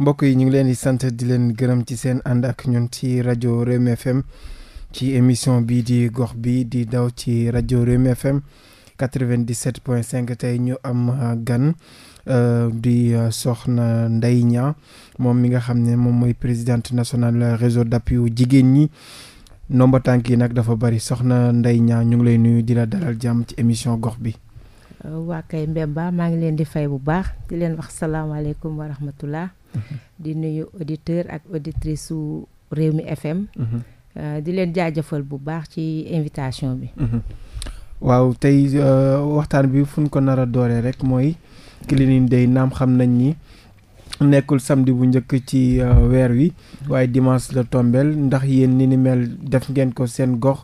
mbokk yi ñu ngi leen di sant di leen gërëm ci seen ànd ak ñoom ci rajo Rewmi FM ci émission bii di gox bi di daw ci rajo Rewmi FM 97.5 tey ñu am uh, gan uh, di uh, soxna Ndeye ñaa moom mi nga xam ne moom mooy présidente national réseau d'appui jigéen ñi nomba tànk yi nag dafa bari soxna Ndeye ñaa ñu ngi lay nuyu di la dalal jàmm ci émission gox bi. waa kay Mbemba maa ngi leen di fay bu baax di leen wax salaamaaleykum wa rahmatullah di nuyu auditeur ak auditrice su mi FM mhm. euh, di leen jaajëfal bu baax ci invitation bi mhm. waaw tey euh, waxtaan bi fu ko nar a dooree rek mooy Cleaning Day naam xam nañ ni nekkul samdi bu njëkk ci euh, weer wi waaye dimanche la tombeel ndax yéen ni ni mel def ngeen ko seen gox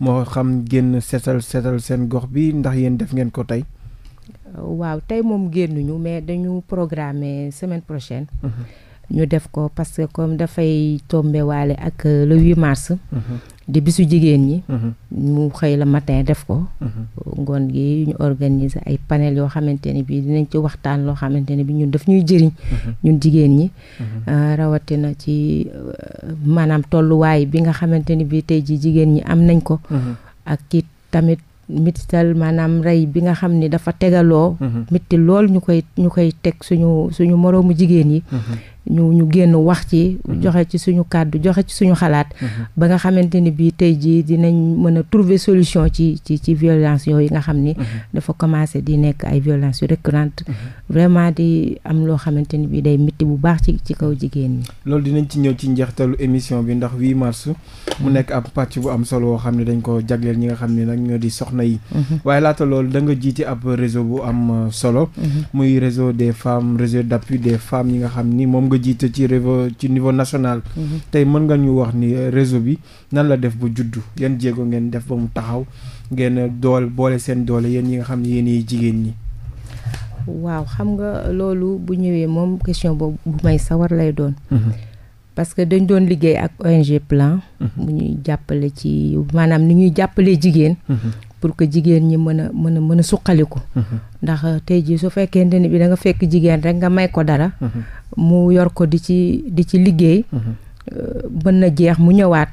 moo xam génn setal setal seen gox bi ndax yéen def ngeen ko tey waaw tey moom génnuñu mais dañu programmer semaine prochaine. Mm-hmm. ñu def ko parce que comme dafay tombé ak euh, le 8 mars. Mm-hmm. di bisu jigéen ñi. Mm-hmm. mu xëy la matin def ko. ngoon gi ñu organiser ay panel yoo xamante ne bii dinañ ci waxtaan loo xamante ne bi ñun daf ñuy jëriñ. ñun jigéen ñi. Euh, rawatina ci euh, maanaam tolluwaay bi nga xamante ne bii tey ji jigéen ñi am nañ ko. ak it tamit mitital maanaam rey bi nga xam ni dafa tegaloo. métti mhm. lool ñu koy ñu koy teg suñu suñu moroomu jigéen yi. Mhm. ñu ñu génn wax ci mhm. joxe ci suñu kàddu joxe ci suñu xalaat mhm. ba nga xamante ni bii tey jii dinañ mën a trouver solution ci ci ci violence yi nga xam ni mhm. dafa commencé di nekk ay violence yu récurrente vraiment di am loo xamante ni bii day métti bu baax ci ci kaw jigéen ñi loolu dinañ ci ñëw ci njeextalu émission bi ndax 8 mars mu nekk ab pàcc bu am solo woo xam ne dañ ko jagleel ñi nga xam ni nag ñoo di soxna yi waaye laata loolu da jiite ab réseau bu am euh, solo yi nga xam ba jiite ci réseau ci niveau national. Mhm. tey mën nga ñu wax ni euh, réseau bi nan la def ba juddu yan jéego ngeen def ba mu taxaw ngeen euh, dool boole seen doole yéen ñi nga xam ne yéen yi jigéen ñi. waaw xam nga loolu bu ñëwee moom question boobu bu may sawar lay doon. Mhm. parce que dañ doon liggéey ak ONG Plan. mu mhm. ñuy jàppale ci maanaam ni ñuy jàppale jigéen. pour que jigéen ñi mën a mën a mën a suqaliku mhm. ndax euh, tey ji su fekkente ni bi danga fekk jigéen rek nga may ko dara mhm. mu yor ko di ci di ci liggéey mhm. euh, mën na jeex mu ñëwaat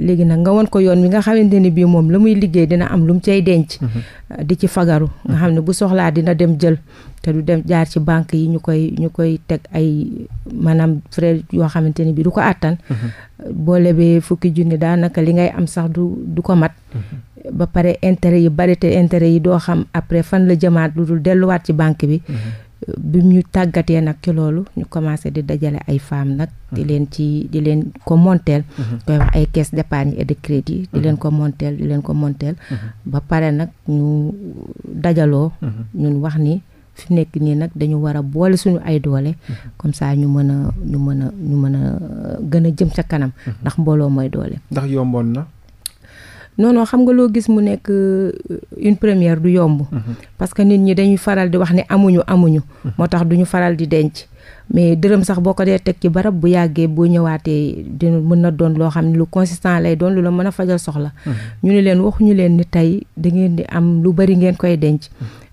léegi nag nga won ko yoon bi nga xamante ni bii moom la muy liggéey dina am lu mu cay denc. Mhm. Euh, di ci fagaru. nga xam ne bu soxlaa dina dem jël. te du dem jaar ci banque yi ñu koy ñu koy teg ay maanaam frais yoo xamante ni bii du ko àttan. Mhm. boo lebee fukki junni daanaka li ngay am sax du du ko mat. Mhm. ba pare intérêt yi bari te intérêt yi doo xam après fan la jëmaat lu dul delluwaat ci banque bi. bi ñu tàggatee nag ci loolu ñu commencé di dajale ay femmes nag di mhm. leen ci di leen ko monteel mhm. koy wax ay caisse d'épargne et de crédit di mhm. leen ko monteel di leen ko monteel ba pare nag ñu dajaloo ñun wax ni fi nekk nii nag dañu war a boole suñu ay doole comme ça ñu mën a ñu mën a ñu mën a gën a jëm ca kanam ndax mbooloo mooy doole ndax yomboon na non xam nga loo gis mu nekk euh, une première du yomb. Mhm. parce que nit ñi dañuy faral di wax ni amuñu amuñu. Mhm. moo tax duñu faral di denc. mais dërëm sax boo ko dee teg ci barab bu yàggee boo ñëwaatee dina mën na doon loo xam ne lu consistant lay doon lu la mën a fajal soxla. Mhm. ñu ne leen waxuñu leen ni tey da ngeen di am lu bari ngeen koy denc.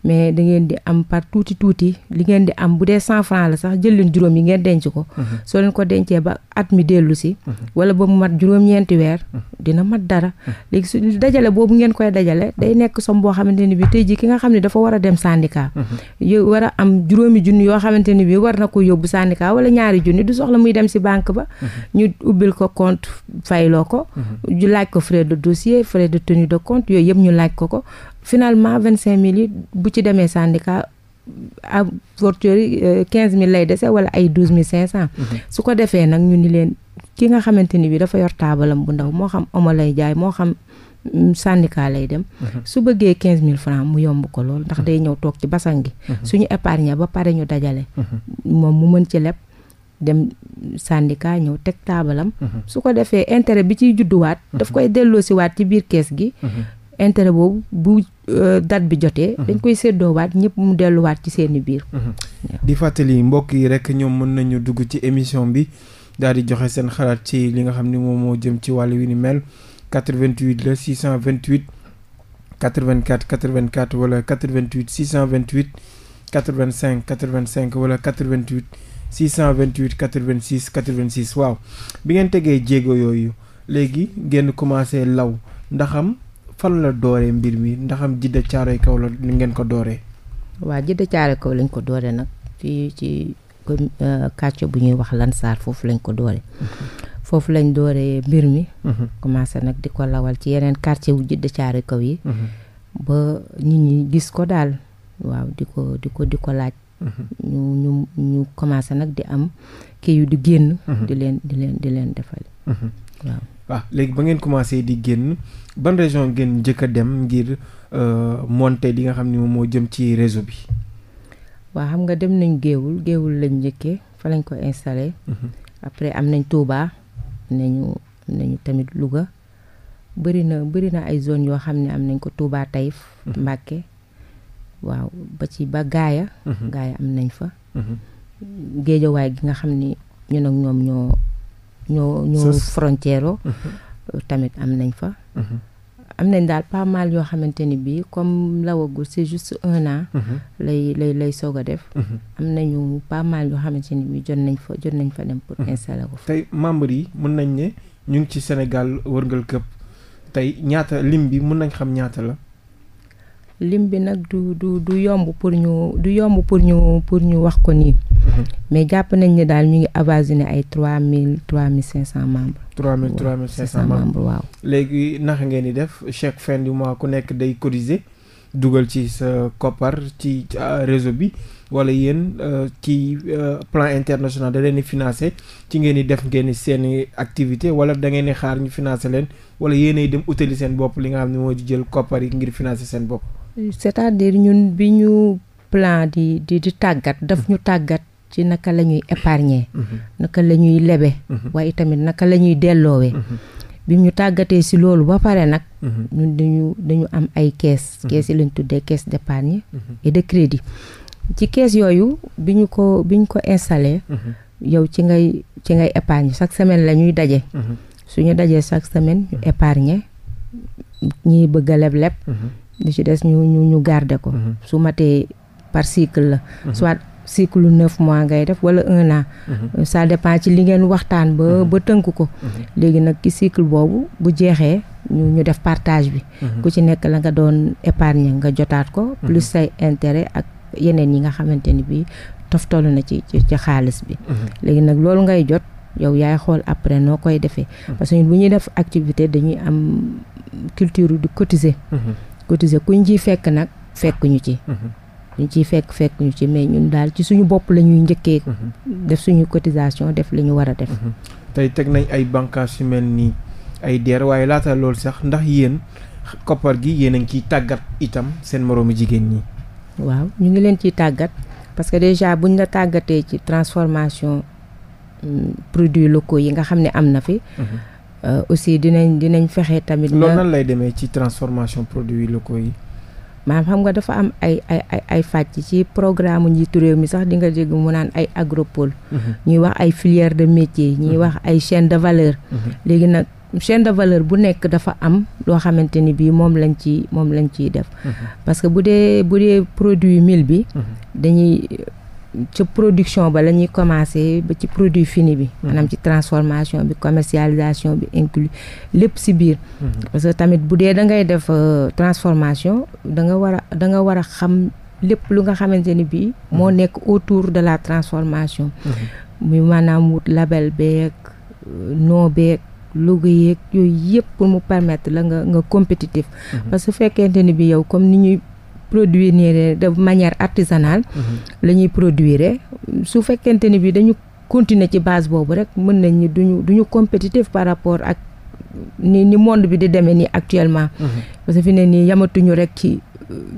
mais da ngeen di am part tuuti tuuti li ngeen di am bu dee cent franc la sax jël leen juróom yi ngeen denc ko. Mhm. soo leen ko dencee ba at mi dellu si. Mhm. wala ba mu mat juróom-ñeenti weer. Mhm. dina mat dara. léegi su dajale boobu ngeen koy dajale day nekk somme boo xamante ni bi tey jii ki nga xam ne dafa war a dem syndicat. yow war a am juróomi junni yoo xamante ni bi war na ko yóbbu syndicat wala ñaari junni du soxla muy dem si banque ba. ñu ubbil ko compte fayloo ko. ñu laaj ko frais de dossier frais de tenue de compte yooyu yëpp ñu laaj ko ko. finalement vingt cinq mille yi bu ci demee syndicat à fortiori euh, quinze mille lay dese wala ay douze mille cinq cent mhm. su ko defee nag ñu ni leen ki nga xamante ni bi dafa yor taabalam bu ndaw moo xam omo lay jaay moo xam mm, syndicat lay dem mhm. su bëggee quinze mille francs mu yomb ko lool ndax mhm. day ñëw toog ci basan gi suñu épargne ba pare ñu dajale moom mu mën ci leb dem syndicat ñëw teg taabalam su ko defee intérêt bi ciy judduwaat daf koy delloo ci biir kees gi intérêt boobu bu euh, date bi jotee. Mhm. dañ koy waat ñëpp mu delluwaat ci seen biir. Mhm. di fàttali mbokk yi rek ñoom mën nañu dugg ci émission bi daal di joxe seen xalaat ci li nga xam ni moom moo jëm ci wàll wi ni mel 88 la 628 84 84 wala 88 628 85 85 wala 88 628 86 86 waaw bi ngeen tegee jéego yooyu léegi ngeen commencé law ndaxam. fan la dooree mbir mi ndaxam jidda caaroy kaw la ni ngeen ko doore waa jidda caaroy kaw lañ ko dooree nag ci ci euh, quartier bu ñuy wax lan saar foofu lañ ko dooree. Mhm. foofu lañ doore mbir mi. Mhm. commencé nag di ko lawal ci yeneen quartier wu jidda caaroy kaw yi. Mhm. ba nit ñi gis ko daal waaw di ko di ko di ko laaj. ñu ñu ñu commencé nag di am kii yu di génn. di leen di leen di leen defal waaw. waaw léegi ba ngeen commencé di génn ban région ngeen njëkk a dem ngir euh, monter li nga xam ni moom moo jëm ci réseau bi. waaw xam nga dem nañ géewul géewul lañ njëkkee fa lañ ko installé. Mhm. après am nañ Touba nañu nañu tamit Louga bëri na bëri na ay zone yoo xam ne am nañ ko Touba tey mhm. Mbàkke waaw ba ci ba gaaya mhm. gaaya am nañ fa géejawaay gi nga xam ni ñun ak ñoom ñoo ñoo ñoo frontière mm-hmm. tamit am nañ fa mm-hmm. am nañ daal pas mal yoo xamante ni bii comme lawagul c'est juste un an mm-hmm. lay lay lay soog a def am nañu pas mal yoo xamante ni bii jot nañ fa jot nañ fa dem pour installer ko fa tey membres yi mën nañ ne ñu ngi ci Sénégal wërngal këpp tey ñaata lim bi mun nañ xam ñaata la lim bi nag du du du yomb pour ñu du yomb pour ñu pour ñu wax ko nii. Mhm. mais jàpp nañ ne daal ñu ngi avoisiné ay trois mille trois mille cinq cent membres. trois mille trois mille cinq cent membres waaw. léegi nax ngeen di def chaque fin du mois ku nekk day cotiser dugal ci sa koppar ci euh, réseau bi wala yéen euh, ci euh, plan international da leen di financé ci ngeen di def ngeen seen i activité wala da ngeen di xaar ñu financé leen wala yéenay dem utali seen bopp li nga xam ne moo di jël koppar yi ngir financé seen bopp. c'est-à-dire ñun bi ñu plan di di di tàggat daf ñu tàggat ci naka la ñuy épargner mm-hmm. naka la ñuy lebe mm-hmm. waaye tamit naka la ñuy delloowee mm-hmm. bi ñu tàggatee si loolu ba pare nag ñun dañu dañu am ay kees kees yi lañ tuddee caisse d'épargne et de crédit ci kees yooyu bi ñu ko bi ko installé yow ci ngay ci ngay épargne chaque semaine la ñuy daje suñu dajee chaque semaine ñu épargner ñuy bëgg leb leb li ci des ñu ñu ñu ko. Mm-hmm. su matee par cycle la. Mm-hmm. soit cycle lu neuf mois ngay def wala un an. Mm-hmm. Euh, ça dépend ci li ngeen waxtaan ba ba tënk ko. léegi nag ci cycle boobu bu jeexee. ñu ñu def partage bi. ku ci nekk la nga doon épargne nga jotaat ko. plus say intérêt ak yeneen yi nga xamante ni bii toftalu na ci ci xaalis bi. léegi nag loolu ngay jot yow yaay xool après noo koy defee. parce que ñun bu ñuy def activité dañuy am culture du cotisé cotiser kuñ ciy fekk nag fekkuñu ñu ci. Mhm. ñu ciy fekk fekk ci mais ñun daal ci suñu bopp la ñuy njëkkee. Mhm. def suñu cotisation def li ñu war a def. Mhm. tey teg nañ ay bànqaas yu mel nii ay DER waaye laata loolu sax ndax yéen koppar gi yéen a ciy tàggat itam seen moroomu jigéen ñi. waaw ñu ngi leen ciy tàggat parce que bu buñ la tàggatee ci transformation mm, produits locaux yi nga xam ne am na fi. Euh, aussi dinañ dinañ fexe tamit. loolu nan lay demee ci transformation produits locaux yi. maanaam xam nga dafa am ay ay ay ay fàcc ci programme njiitu réew mi sax di nga dégg mu naan ay agropole. Mhm. ñuy wax ay filière de métier. ñuy mhm. wax ay chaîne de valeur. Mhm. léegi nag chaîne de valeur bu nekk dafa am loo xamante ni bii moom lañ ci moom lañ ciy def. parce bu dee bu dee produit mil bi. dañuy ca production ba la ñuy commencé ba ci produit fini bi maanaam ci transformation bi commercialisation bi inclus lépp si biir mhm. parce que tamit bu dee da ngay def euh, transformation da nga war a da nga war a xam lépp lu nga xamante ni bii moo mhm. nekk autour de la transformation mhm. muy maanaam wut label beeg euh, nom beeg logo yeeg yooyu mu permettre la nga nga compétitif parce que fekkente ni bi yow comme ni ñuy produire nii de manière artisanale mm-hmm. la ñuy produire su fekkente ni bi dañu continuer ci base boobu rek mën nañ ni duñu duñu compétitif par rapport ak ni ni monde bi di demee nii actuellement mm-hmm. parce que fi ne nii yamatuñu rek ci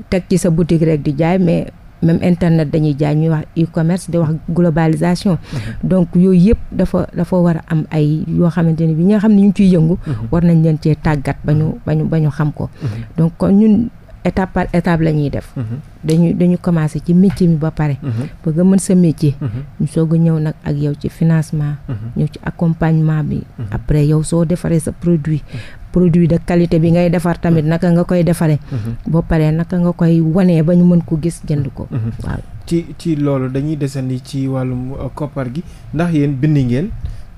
teg ci sa boutique rek di jaay mais même internet dañuy jaay ñuy wax e-commerce di wax globalisation mm-hmm. donc yooyu yëpp dafa dafa war a am ay yoo xamante ni bi ñi nga xam ne ñu ngi ciy yëngu war nañ leen cee tàggat ba ñu ba ñu xam ko donc kon étape par étape la ñuy def. Mm-hmm. dañu dañu commencé ci métier mi ba pare. Mm-hmm. bëgg nga mën sa métier. Mm-hmm. ñu soog ñëw nag ak yow ci financement. ñëw ci accompagnement bi. après yow soo defaree sa produit. produit de qualité bi ngay defar tamit naka nga koy defaree. ba pare naka nga koy wanee ba ñu mën ko gis jënd ko. waaw ci ci loolu dañuy desandi ci wàllum euh, koppar gi ndax yéen bind ngeen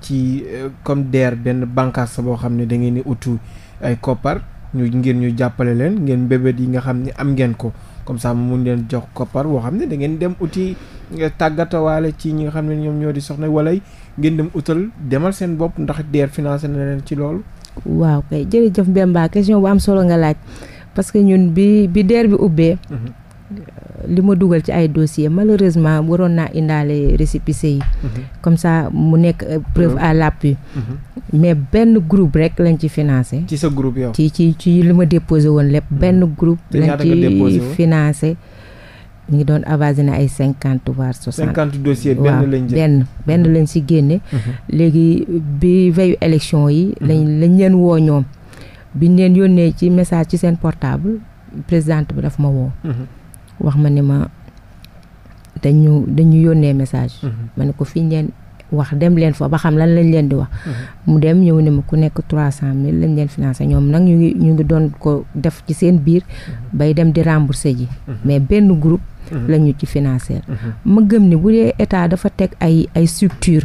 ci euh, comme DER benn bànqaas boo xam ne da ngeen di utu ay koppar. ñu ngir ñu jàppale leen ngeen mbébét yi nga xam ne am ngeen ko comme ça mu mun leen jox koppar boo xam ne da ngeen dem uti eh, tàggatawaale ci ñi nga xam ne ñoom ñoo di soxna wala ngeen dem utal demal seen bopp ndax DER financé na leen ci loolu. waaw kay jëf Mbemba question bu am solo nga laaj parce que ñun bi bi DER bi ubbee. Mhm. li ma dugal ci ay dossier malheureusement waroon naa indaale récépissé yi mhm. comme ça mu nekk euh, preuve mhm. à l'appui mhm. mais benn groupe rek lañ ci financé ci sa groupe yow ci ci ci li ma déposé woon lépp benn groupe lañ ci financé mu ngi doon avasé na ay cinquante voire soixante cinquante dossiers benn lañ benn benn lañ si génne léegi bi veyu élection yi lañ lañ leen woo ñoom bi leen yónnee ci message ci seen portable présidente bi daf ma woo wax ma ne ma dañu dañu yónnee message. Mhm. ma ne ko fii ngeen wax dem leen fa ba xam lan lañ leen di wax. Mhm. mu dem ñëw ne ma ku nekk trois cent mille lañ leen financé ñoom nag ñu ngi ñu ngi doon ko def ci seen biir. Mhm. bay dem di remboursé ji. mais benn groupe. la ñu ci financé. ma gëm ni bu dee état dafa teg ay ay structure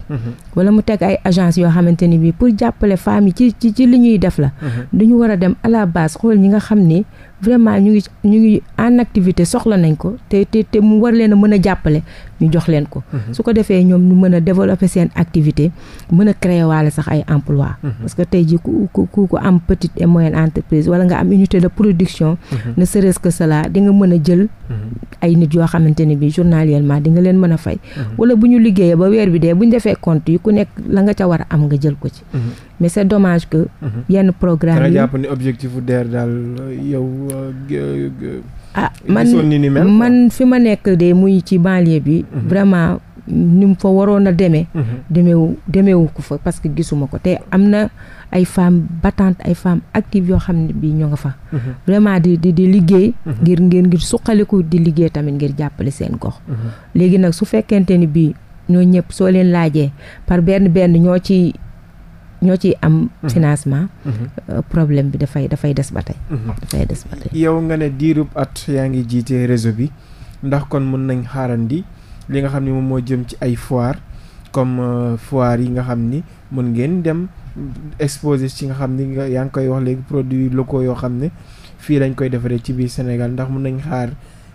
wala mu teg ay agence yoo xamante ni bii pour jàppale femmes yi ci ci ci li ñuy def la. dañu war a dem à xool ñi nga xam ni vraiment ñu ngi ñu ngi en activité soxla nañ ko te te mu war leen a mën a jàppale ñu jox leen ko. Mhm. su ko defee ñoom ñu mën a développer seen activité mën a créer waale sax ay emploi mhm. parce que tey jii ku ku ku am petite et moyenne entreprise wala nga am unité de production. Mhm. ne serait-ce que cela di nga mën a jël. ay nit yoo xamante ne bii journalièrement di nga leen mën a fay. wala bu ñu liggéeyee ba weer bi dee bu ñu defee compte yi ku nekk la nga ca war a am nga jël ko ci. mais c'est dommage que. Mhm. yenn programme yi jàpp ne objectif bu DER daal euh, yow. Euh, ah man fi ma nekk de muy ci banlieue bi. Mhm. vraiment ni mu fa waroon a demee. Mhm. demeewu demeewu ko fa parce que gisuma ko te am na ay femmes battantes ay femmes actives yoo xam ne bii ñoo nga fa. vraiment di di di liggéey. ngir ngir ngir suqaliku di liggéey tamit ngir jàppale seen gox. léegi nag su fekkente ni bii ñoo ñëpp soo leen laajee par benn benn ñoo ci. ñoo ciy am mhm. financement mhm. Euh, problème bi dafay dafay des ba tey mhm. dafay des yow nga ne diirub at yaa ngi jiite réseau bi ndax kon mun nañ di li nga xam ne moom moo jëm ci ay foire comme euh, foire yi nga xam ni mën ngeen dem exposé ci nga xam ni yaa ngi koy wax léegi produits locaux yoo xam ne fii lañ koy defaree ci biir Sénégal ndax mun nañ xaar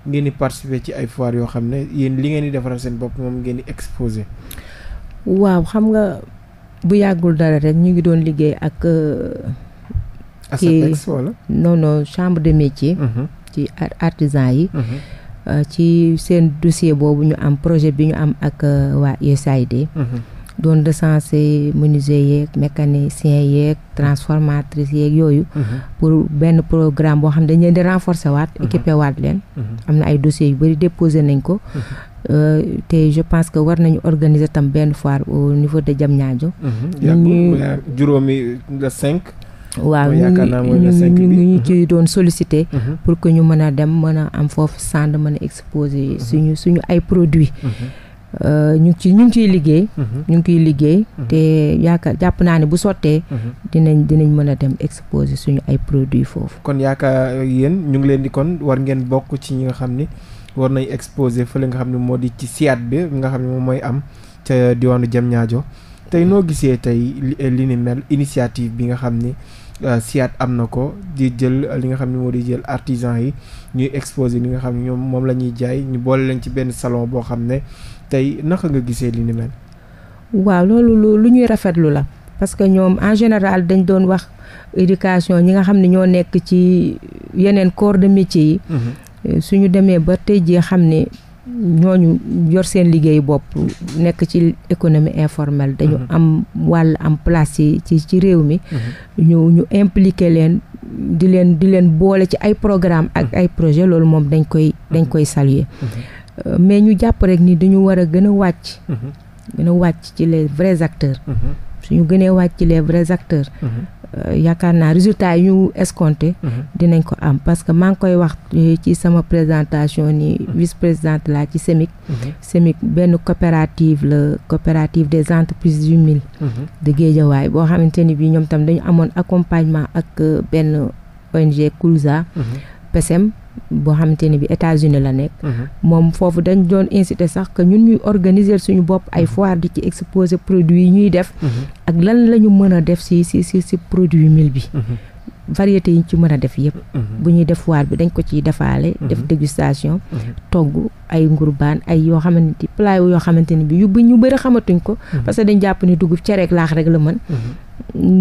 ngeen di participer ci ay foire yoo xam ne yéen li ngeen di defaral seen bopp moom ngeen di exposé waaw xam nga bu yàggul dara rek ñu ngi doon liggéey ak. Euh, ASAPEX wala non non chambre de métier. Mm-hmm. ci artisan yi. Mm-hmm. Euh, ci seen dossier boobu ñu am projet bi ñu am ak euh, waa USAID. Mm-hmm. doon recenser menuisier yeeg mécanicien yeeg transformatrice yeeg yooyu. pour benn programme boo xam ne dañu leen di renforcer waat. équiper waat leen. am na ay dossiers yu bari déposé nañ ko. Euh, te je pense que war nañu organiser tam benn foire au niveau de Diamniadio. Mhm. ñu juróomi la cinq. waaw ñu ñu ñu ci doon solicité mhm. pour que ñu mën a dem mën a am foofu sànd mën a exposer mhm. suñu suñu ay produits. Euh, ñu ngi ci ñu ngi ciy liggéey. ngi ciy liggéey. te yaakaar jàpp naa ne bu sottee. dinañ dinañ mën a dem exposer suñu ay produits foofu. kon yaakaar yéen ñu ngi leen di kon war ngeen bokk ci ñi nga xam ni. war nañ exposé fa li nga xam ne moo di ci siyaat bi nga xam ne moom mooy am ca diwaanu Diamniadio tey noo gisee tey li eh, ni mel initiative bi nga xam ne euh, siyaat am na ko di jël li nga xam ne moo di jël artisan yi ñuy exposé li nga xam ne ñoom moom la ñuy jaay ñu boole leen ci benn salon boo xam ne tey naka nga gisee li ni mel. waaw loolu lu ñuy rafetlu la parce que ñoom en général dañ doon wax éducation ñi nga xam ne ñoo nekk ci yeneen corps de métier yi. Mm-hmm. suñu demee ba tey jii xam ne ñu yor seen liggéey bopp nekk ci économie informelle dañu mhm. am wàll am place yi ci ci réew mi mhm. ñu ñu impliqué leen di leen di leen boole ci ay programme ak mhm. ay projet loolu moom dañ koy dañ koy saluer euh, mais ñu jàpp rek ni dañu war a gën a wàcc gën a wàcc ci les vrais acteurs suñu gënee wàcc ci les vrais acteurs Euh, yaakaar naa résultat yu ñu escompté. Mhm. dinañ ko am parce que maa ngi koy wax ci sama présentation ni mhm. vice présidente laa ci SEMIC. Mhm. SEMIC benn coopérative la coopérative des entreprises du mil. de boo xamante ni bii ñoom tam dañu amoon accompagnement ak euh, benn ONG Kuluza. PSM boo xamante ne bi États-Unis la nekk. Mhm. moom foofu dañ doon insité sax que ñun ñuy organiser suñu bopp ay mhm. foire di ci exposer produit yi ñuy def. Mhm. ak lan lañu mën a def si si si si produit mil bi. variété yi ci mën a def yëpp. bu ñuy def foire bi dañ ko ciy defaale. def dégustation. togg ay ngurbaan ay yoo xamante ni plat yoo xamante ni bi yu ñu bëri xamatuñ ko. parce que dañ jàpp ni dugub cereeg laax rek la mën.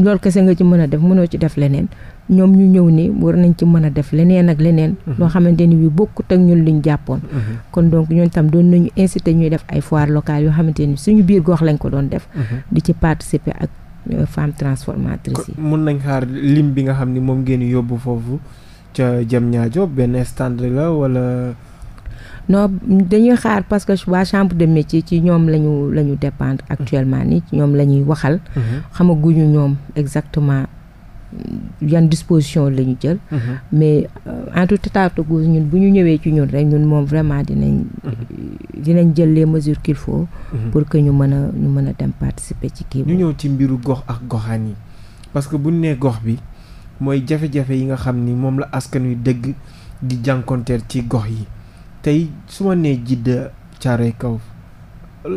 loolu kese nga ci mën a def mënoo ci def leneen. ñoom ñu ñëw ni war nañ ci mën a def leneen ak leneen mhm. loo xamante ni bi bokkut ak ñun liñ jàppoon mhm. kon donc ñooñ tam doon nañu incité ñuy def ay foire locale yoo xamante ni suñu biir gox lañ ko doon def mhm. di ci participer ak euh, femmes transformatrices yi mun nañ xaar lim bi nga xam ni moom ngeen yóbbu foofu ca jëm ñaajo benn stand la wala non dañuy xaar parce que waa chambre de métier ci ñoom lañu la ñu dépendre actuellement ni ñoom la ñuy waxal xamaguñu ñoom exactement yan disposition la ñu jël. Mhm. mais euh, en tout état ñun bu ñu ñëwee ci ñun rek ñun moom vraiment dinañ. Mhm. dinañ jël les mesures mhm. pour que ñu mën a ñu mën a dem participer ci kii. ñu ñëw ci mbiru gox ak goxaan yi parce que bu ñu nee gox bi mooy jafe-jafe yi nga xam ni moom la askan wi dëgg di jànkonteel ci gox yi tey su ma nee Djiddah Thiaroye Kaw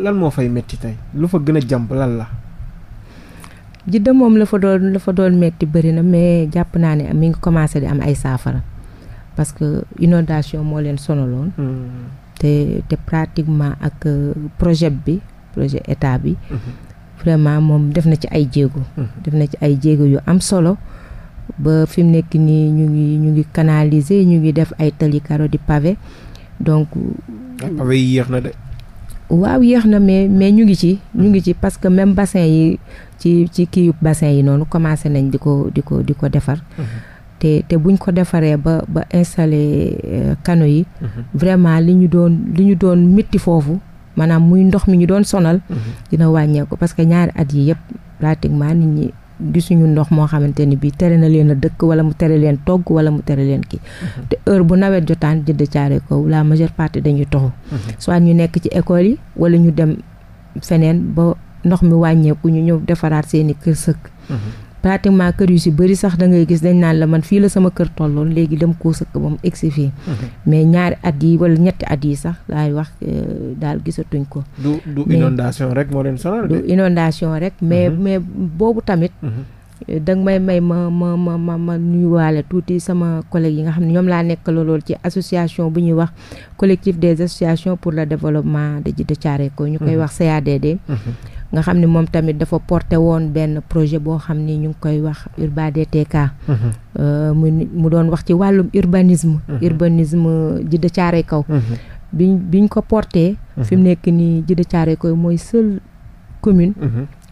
lan moo fay metti tey lu fa gën a jàmp lan la. jidda moom la fa doon la fa doon metti bëri na mais jàpp naa ne mi ngi commencé di am ay saafara parce que inondation moo leen sonaloon. Hmm. te te pratiquement ak euh, projet bi projet état bi. Hmm. vraiment moom def na ci ay jéego. Hmm. def na ci ay jéego yu am solo. ba fi mu nekk nii ñu ngi ñu ngi canaliser ñu ngi def ay tali carreaux di pavé donc. Ah, pavé yi yéex na de. waaw yéex na mais mais ñu ngi ci ñu ngi ci parce que même bassin yi ci ci kii bassin yi noonu commencé nañ di ko di ko di ko defar mm-hmm. te te buñ ko defaree ba ba installé euh, canaux yi mm-hmm. vraiment li ñu doon li ñu doon métti foofu maanaam muy ndox mi ñu doon sonal mm-hmm. dina wàññeeku parce que ñaari at yi yëpp pratiquement nit ñi gisuñu ndox moo xamante ni bii tere na leen a dëkk wala mu tere leen togg wala mu tere leen kii mhm. te heure bu nawet jotaan jënd caare kaw la majeure partie dañuy toxu mhm. soit ñu nekk ci école yi wala ñu dem feneen ba ndox mi wàññeeku ñu ñëw defaraat seeni kër sëkk mhm. pratiquement kër yu si bëri sax da ngay gis dañ naan la man fii la sama kër tolloon léegi dem koo sëkk ba mu egsi fii mais ñaari at yi wala ñetti at yi sax laay wax euh, daal gisatuñ ko du inondation rek moo leen rek mais mhm. mais boobu tamit mhm. danga may may ma ma ma ma ma nuyuwaale tuuti sama collègue yi nga xam ne ñoom laa nekk lool ci association bu ñuy wax collectif des associations pour la développement de Djidah Thiaroye ko ñu koy mhm. wax CADD nga xam ne moom tamit dafa porté woon benn projet boo xam ni ñu ngi koy wax Urba DTK. Mhm. Euh, mu mu doon wax ci wàllum urbanisme. Mhm. urbanisme Djiddah Thiaroye Kaw. Mhm. biñ biñ ko porté. fi mu nekk nii Djiddah Thiaroye Kaw mooy seul commune.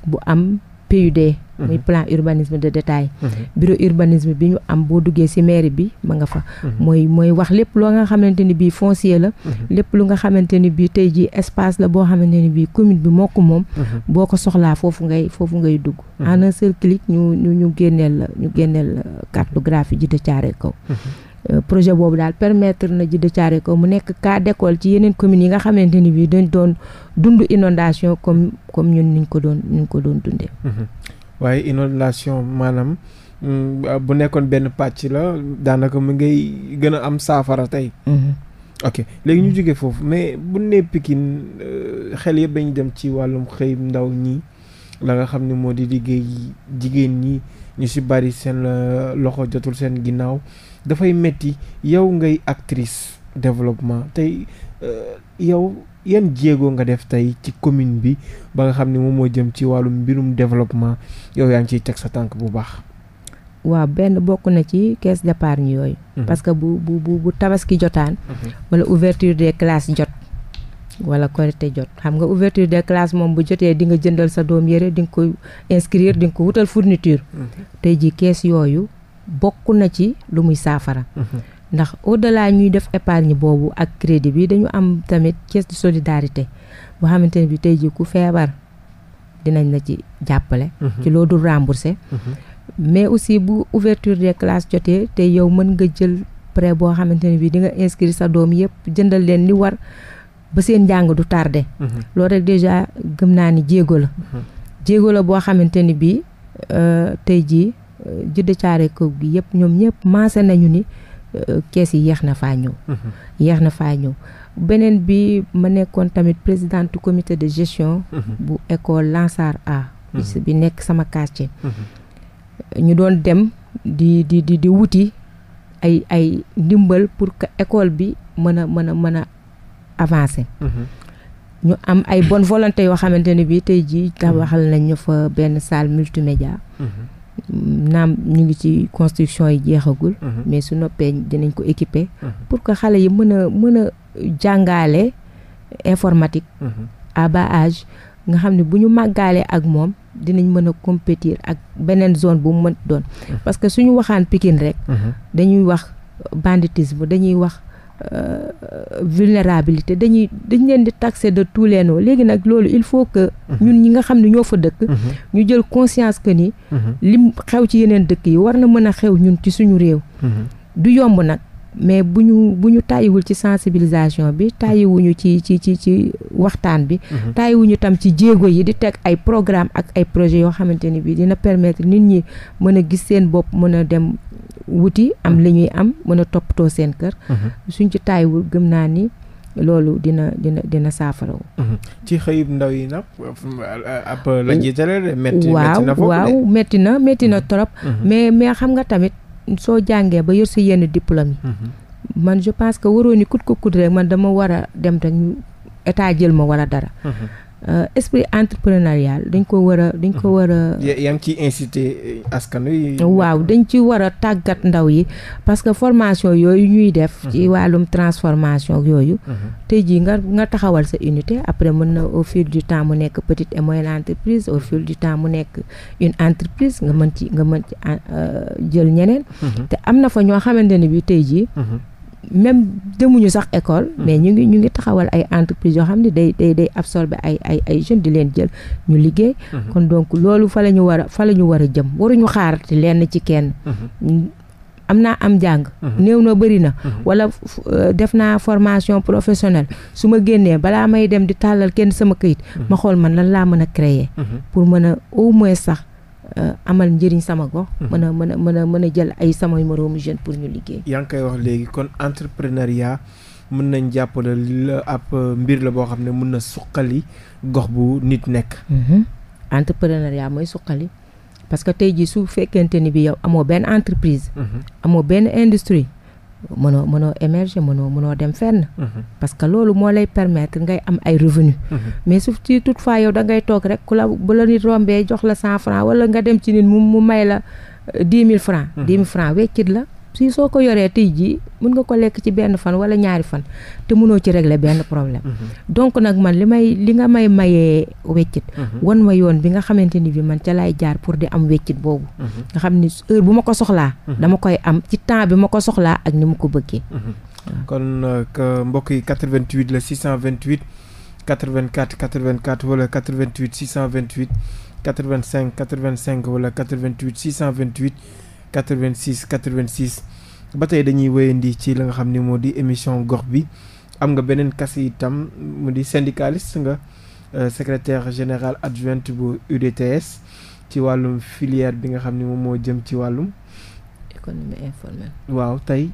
bu am PUD. muy mhm. plan urbanisme de détail mhm. bureau urbanisme bi ñu am boo duggee ci mairie bi ma nga fa mhm. mooy mooy wax lépp loo nga xamante ni bii foncier la lépp lu nga xamante ni bii tey jii espace la boo xamante ni bii commune bi moo moom boo ko soxlaa foofu ngay foofu ngay dugg en un seul clic ñu ñu ñu génneel la ñu génneel la cartographie ji de Thiaroye Kaw euh, projet boobu daal permetre na Djiddah Thiaroye Kaw mu nekk cas d'école ci yeneen commune yi nga xamante ni bii dañ doon dund inondation comme comme ñun niñ ko doon niñ ko doon dundee. waaye inondation maanaam mm, bu nekkoon benn pàcc la daanaka mu ngay gën a am saafara tey. Mhm. ok léegi ñu jógee foofu mais bu nee Pikine euh, xel yëpp dañu dem ci wàllum xëy ndaw ñi la nga xam ni moo di liggéey jigéen ñi ñu si bari seen euh, loxo jotul seen ginnaaw dafay metti yow ngay actrice développement tey euh, yow yan jéego nga def tey ci commune bi ba nga xam ne moom moo jëm ci wàllu mbirum développement yow yaa ngi ciy teg sa tànk bu baax. waaw benn bokk na ci caisse d'épargne yooyu. Mhm. parce que bu bu bu bu tabaski jotaan. Mhm. wala ouverture de classes jot. wala korité jot xam nga ouverture des classes moom bu jotee di nga jëndal sa doom yére dinga nga ko inscrire di nga ko wutal fourniture. Mhm. tey jii kees yooyu bokk na ci lu muy saafara. ndax au delà ñuy def épargne boobu ak crédit bi dañu am tamit caisse de solidarité boo xamante ne bi tey ji ku feebar dinañ la ci jàppale mhm. ci loo dul remboursé mhm. mais aussi bu ouverture de classes jote te yow mën nga jël prêt boo xamante ne bi di nga inscrire sa doom yëpp jëndal leen li war ba seen njàng du tardé mhm. loolu rek déjà gëm naa ni jéego la jéego la boo xamante ni bi euh, tey ji euh, jidda caare kaw gi yëpp ñoom ñëpp maase nañu ni kees yi yeex na faa ñëw. yeex na faa ñëw beneen bi ma nekkoon tamit présidente comité de gestion. bu école Lansar A. bi nekk sama quartier. ñu doon dem di di di di wuti ay ay ndimbal pour que école bi mën a mën a mën a avancé ñu am ay bonne volonté yoo xamante ni bii tey jii tabaxal nañ ñu fa benn salle multimédia. naam ñu ngi ci construction yi jeexagul. Mhm. mais su noppee dinañ ko équiper. Mhm. pour que xale yi mën a mën a jàngaale informatique. Mhm. à bas âge nga xam ne bu ñu màggaalee ak moom dinañ mën a compétir ak beneen zone bu mu mën doon. parce que suñu waxaan Pikine rek. dañuy wax banditisme dañuy wax. Euh, vulnérabilité dañuy dañ leen di taxé de tous les noms léegi nag loolu il faut que mhm. ñun ñi nga xam ne ñoo fa dëkk mhm. ñu jël conscience que ni mhm. lim xew ci yeneen dëkk yi war na mën a xew ñun ci suñu réew du yomb nag mais bu ñu bu ñu tàyyiwul ci sensibilisation bi tàyyiwuñu ci ci ci ci waxtaan bi mhm. tàyyiwuñu tam ci jéego yi di teg ay programme ak ay projet yoo xamante ni bi dina permettre nit ñi mën a gis seen bopp mën a dem wuti am mhm. li ñuy am mën a toppatoo seen kër mhm. suñ ci tàyyiwul gëm naa ni loolu dina dina dina saafaraw ci xëyib ndaw yi nag metti na waaw metti na metti na trop mais mais xam nga tamit soo jàngee ba yor si yenn diplôme yi mhm. man je pense que waroon ni kut ko kut rek man dama war a dem rek état jël ma wala dara mhm. Euh, esprit entrepreneurial dañ ko war a dañ ko mhm. war a. yaa ngi ciy incité eh, askan wi. waaw dañ ci war a tàggat ndaw yi parce que formation yooyu ñuy def. ci mhm. wàllum transformation yooyu. Mhm. tey jii nga nga taxawal sa unité après mën na au fil du temps mu nekk petite et moyenne entreprise au fil du temps mu nekk une entreprise nga mën ci nga mën ci euh, jël ñeneen. te am na fa ñoo xamante ne bi tey jii. même demuñu sax école. Hmm. mais ñu ngi ñu ngi taxawal ay entreprise yoo xam ne day day day absorber ay ay ay jeunes di leen jël ñu liggéey. Hmm. kon donc loolu fa la ñu war a fa la ñu war a jëm waruñu xaar lenn ci kenn. Hmm. am naa am jàng. néew na bëri na. wala euh, def naa formation professionnelle su ma génnee balaa may dem di tàllal kenn sama kayit ma xool man lan laa mën a créer. pour mën a au sax. Euh, amal njëriñ sama gox. Mhm. mën a mën a mën a mën a jël ay sama moroomu jeune pour ñu liggéey. yaa ngi koy wax léegi kon entrepreneuriat mun nañ jàppale la ab euh, mbir la boo xam ne mën na suqali gox bu nit nekk. Mhm. entrepreneuriat mooy suqali parce que tey jii su fekkente ni bi yow amoo benn entreprise. Mhm. amoo benn industrie. mënoo mënoo émerger mënoo mënoo dem fenn. Mhm. parce que loolu moo lay permettre ngay am ay revenu mhm. mais su si toutefois yow da ngay toog rek ku la bu la nit rombee jox la cent franc wala nga dem ci nit mu mu may la euh, dix mille franc. Mhm. dix mille franc weccit la. si soo ko yoree tey jii mën nga ko lekk ci benn fan wala ñaari fan te mënoo ci régler benn problème mhm. donc nag man li may li nga may mayee weccit mhm. wan ma yoon bi nga xamante ni bi man ca laay jaar pour di am weccit boobu mhm. nga xam ni heure bu ma ko soxlaa dama koy am ci temps bi ma ko soxlaa ak ni ma ko bëggee kon euh, mbokk yi 88 la 628 84 84 wala 88 628 85 85 wala 88 628 86 86 ba tey dañuy wéyandi ci la nga xam ni moo di émission gox bi am nga beneen kase itam mu di syndicaliste nga euh, secretaire général adjointe bu UDTS ci wàllum filière bi nga xam ni moom moo jëm ci wàllum. économie waaw tey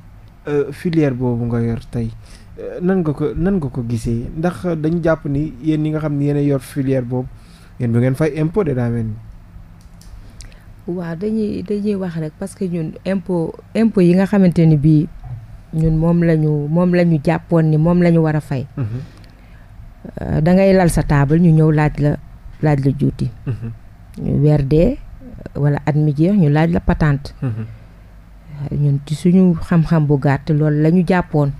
euh, filière boobu nga yor tey euh, nan nga ko nan nga ko gisee ndax dañu jàpp ni yéen ñi nga xam ni yéen yor filière boobu yéen bu ngeen fay impôt de daa mel ni waaw dañuy dañuy wax rek parce que ñun impo impôt yi nga xamante ni bii ñun moom la ñu moom la ñu jàppoon ni moom lañu ñu war a fay. Mhm. Euh, da ngay lal sa taabal ñu ñëw laaj la laaj la juuti. Mhm. ñu weer dee wala at mi ñu laaj la patente. Mhm. ñun ci suñu xam-xam bu gàtt loolu la ñu jàppoon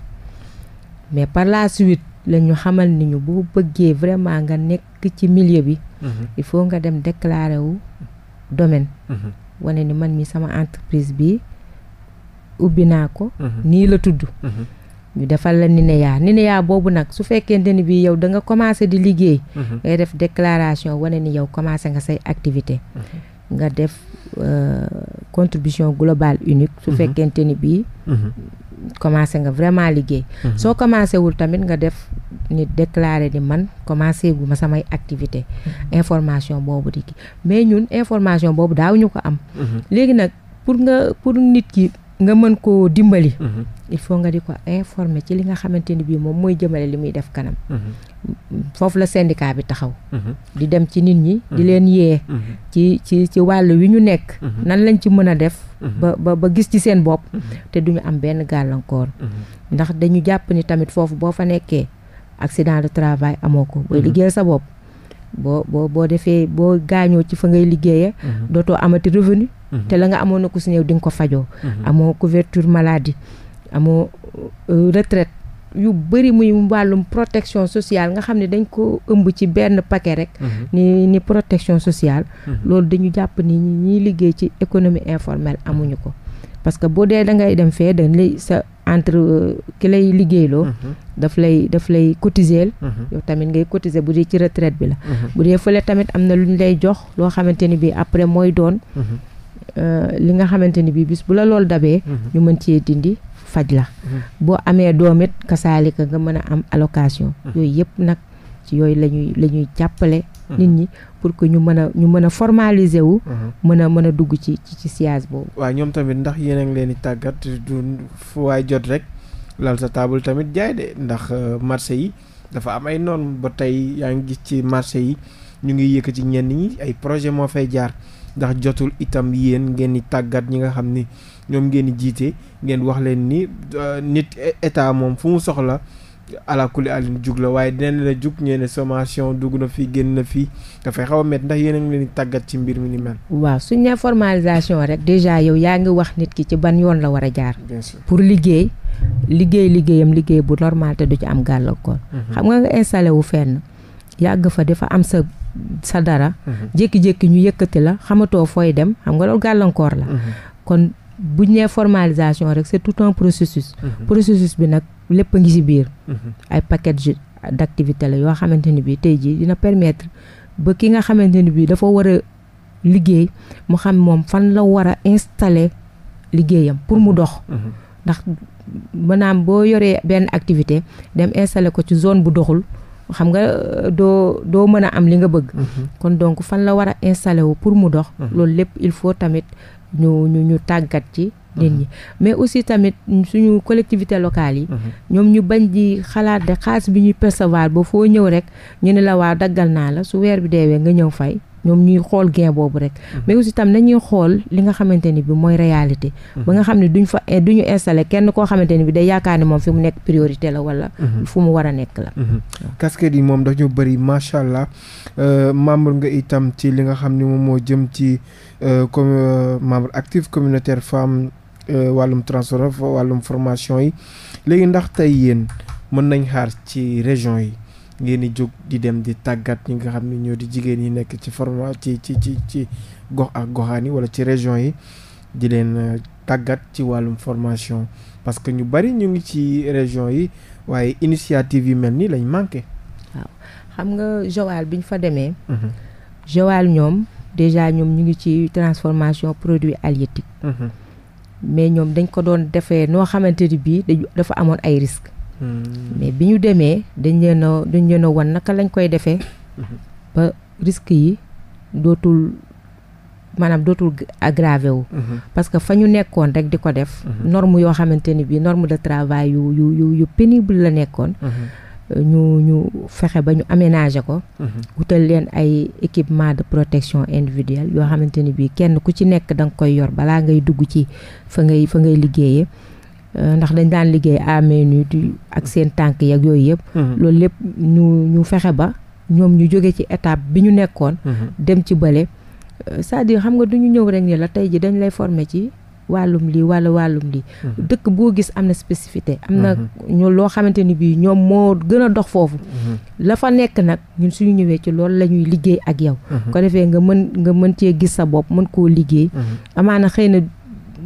mais par la suite la ñu xamal ni ñu boo bëggee vraiment nga nekk ci milieu bi. il faut nga dem déclarer wu. domaine. Mhm. wane ni man mi sama entreprise bi ubbi naa ko. Mhm. nii la tudd. Mhm. ñu defal la NINEA NINEA boobu nag su fekkente ni bii yow da nga commencé di liggéey. ngay def déclaration wane ni yow commencé nga say activité nga def euh, contribution global unique. su fekkente ni bii. commencé nga vraiment liggéey. Mhm. soo commencé wul tamit nga def ni déclaré ni man commencé gu ma samay activité mhm. information boobu di kii mais ñun information boobu daawuñu ko am. Mhm. léegi nag pour nga pour nit ki. nga mën koo dimbali. Mhm. il faut nga di ko informer ci li nga xamante ni bii moom mooy jëmale li muy def kanam. Mhm. foofu la syndicat bi taxaw. Mhm. di dem ci nit ñi. di leen yee. ci ci ci wàll wi ñu nekk. nan lañ ci mën a def. ba ba gis ci seen bopp. te duñu am benn gàllankoor. ndax dañu jàpp ni tamit foofu boo fa nekkee accident de travail amoo ko. booy liggéeyal sa bopp. boo boo boo defee boo gaañoo ci fa ngay liggéeyee. Mhm. dootoo amati revenu. Mhm. te la nga amoon na ku si ñëw di nga ko fajoo. Mhm. amoo couverture maladie amoo euh, euh, retraite yu bëri muy wàllum protection sociale nga xam ne dañ ko ëmb ci benn paquet rek. ni ni protection sociale. loolu dañu jàpp ni ñuy liggéey ci économie informelle amuñu ko parce boo dee da dem fee entre euh, ki lay liggéeyloo. Mhm. daf lay daf lay cotiser. Mhm. yow tamit ngay cotiser bu dee ci retraite bi la. Mhm. bu dee fële tamit am na lu ñu lay jox loo xamante ni bii après mooy doon. Euh, li nga xamante ni bii bis bu la loolu dabee. ñu mën cee dindi faj la. boo amee doom it kasaalika nga mën a am allocation. yooyu yëpp nag. ci yooyu la la ñuy jàppale. Mhm. nit ñi pour que ñu mën a ñu mën a formaliser wu. Mhm. mën a mën a dugg ci ci siège boobu. waa ñoom tamit ndax yéen a ngi leen di tàggat du fu waay jot rek lal sa taabal tamit jaay de ndax euh, marché yi dafa am ay normes ba tey yaa ngi gis ci marché yi ñu ngi yëkkati ñenn ñi ay projet moo fay jaar. ndax jotul itam yéen ngeen di tàggat ñi nga xam ni ñoom ngeen di jiite ngeen wax leen ni euh, nit e-, état moom fu mu soxla alakuli alin jug la waaye dinañ la jug ñee ne sommation dugg na fii génn na fii dafay xaw a métti ndax yéen a ngi leen di tàggat ci mbir mi ni mel. waaw suñ ne formalisation rek déjà yow yaa ngi wax nit ki ci ban yoon la war a jaar. bien sûr pour liggéey liggéeyam liggéey bu normal te du ci am gàllankoor. Mhm. xam nga nga installé wu fenn yàgg fa dafa am sa sa dara. Mhm. jékki-jékki ñu yëkkati la xamatoo fooy dem xam nga loolu gàllankoor la. Mhm. kon buñ ne formalisation rek c'est lépp a ngi si biir. Mhm. ay paquet d' activité la yoo xamante ni bii tey jii dina permetre ba ki nga xamante ni bii dafa war a liggéey mu xam moom fan la war a installé liggéeyam pour mu mhm. dox. Mhm. ndax maanaam boo yoree benn activité dem installer ko ci zone bu doxul xam nga euh, doo doo mën a am li nga bëgg. kon donc fan la war a installer wu pour mu dox. loolu lépp il faut tamit. ñu ñu ñu tàggat ci nit ñi mhm. mais aussi tamit suñu collectivité locale yi mhm. ñoom ñu bañ di xalaat de xaalis bi ñuy percevoir ba foo ñëw rek ñu ne la waa daggal naa la su weer bi deewee nga ñëw fay ñoom ñuy xool gain boobu rek. Mm-hmm. mais aussi tam nañuy xool li nga xamante ni bi mooy réalité. Mm-hmm. ba nga xam ne duñ fa eh, duñu installé kenn koo xamante ni bi day yaakaar ne moom fi mu nekk priorité la wala. Mm-hmm. fu mu war a nekk la. casquette yi moom dañu bëri macha allah euh, membre nga itam ci li nga xam ni moom moo jëm ci euh, comme euh, membre actif communautaire femme wàllum transfert wàllum formation yi léegi ndax tey yéen mën nañ xaar ci région yi. ngeen di jóg di dem di tàggat ñi nga xam ne ñoo di jigéen yi nekk ci format ci ci ci ci gox ak goxaan yi walla ci région yi di leen euh, tàggat ci wàllum formation parce que ñu bari ñu ngi ci région yi waaye initiative yu mel nii lañ manqué. xam nga Joal bi ñu fa demee. Mhm. Joal ñoom déjà ñoom ñu ngi ci transformation produit halieutique. Mhm. mais ñoom dañ ko doon defee noo xamante ni bii dafa amoon ay risques. mais bi ñu demee dañ leen a dañ leen a wan naka lañ koy defee mhm. ba risque yi dootul maanaam dootul aggravé wu mhm. que fa ñu nekkoon rek di ko def mhm. norme yoo xamante ni bi norme de travail yu yu yu, yu pénible la nekkoon ñu ñu fexe ba ñu aménager ko wutal leen ay équipement de protection individuelle yoo xamante ni bi kenn ku ci nekk da nga koy yor balaa ngay dugg ci fa ngay fa ngay liggéeyee Euh, ndax dañ daan liggéey à main nue di ak seen tànk yeeg yooyu yëpp. Mhm. loolu lépp ñu ñu fexe ba ñoom ñu jóge ci étape bi ñu nekkoon. Mhm. dem ci bële. Euh, sa di xam nga du ñu ñëw rek ni la tey ji dañ lay former ci wàllum lii wala wàllum lii. Mhm. dëkk boo gis am na spécificité. am na ñu loo xamante ni bii ñoom moo gën a dox foofu. la fa nekk nag ñun suñu ñëwee ci loolu la ñuy liggéey ak yow. ko defee nga mën nga mën cee gis sa bopp mën koo liggéey. amaana xëy na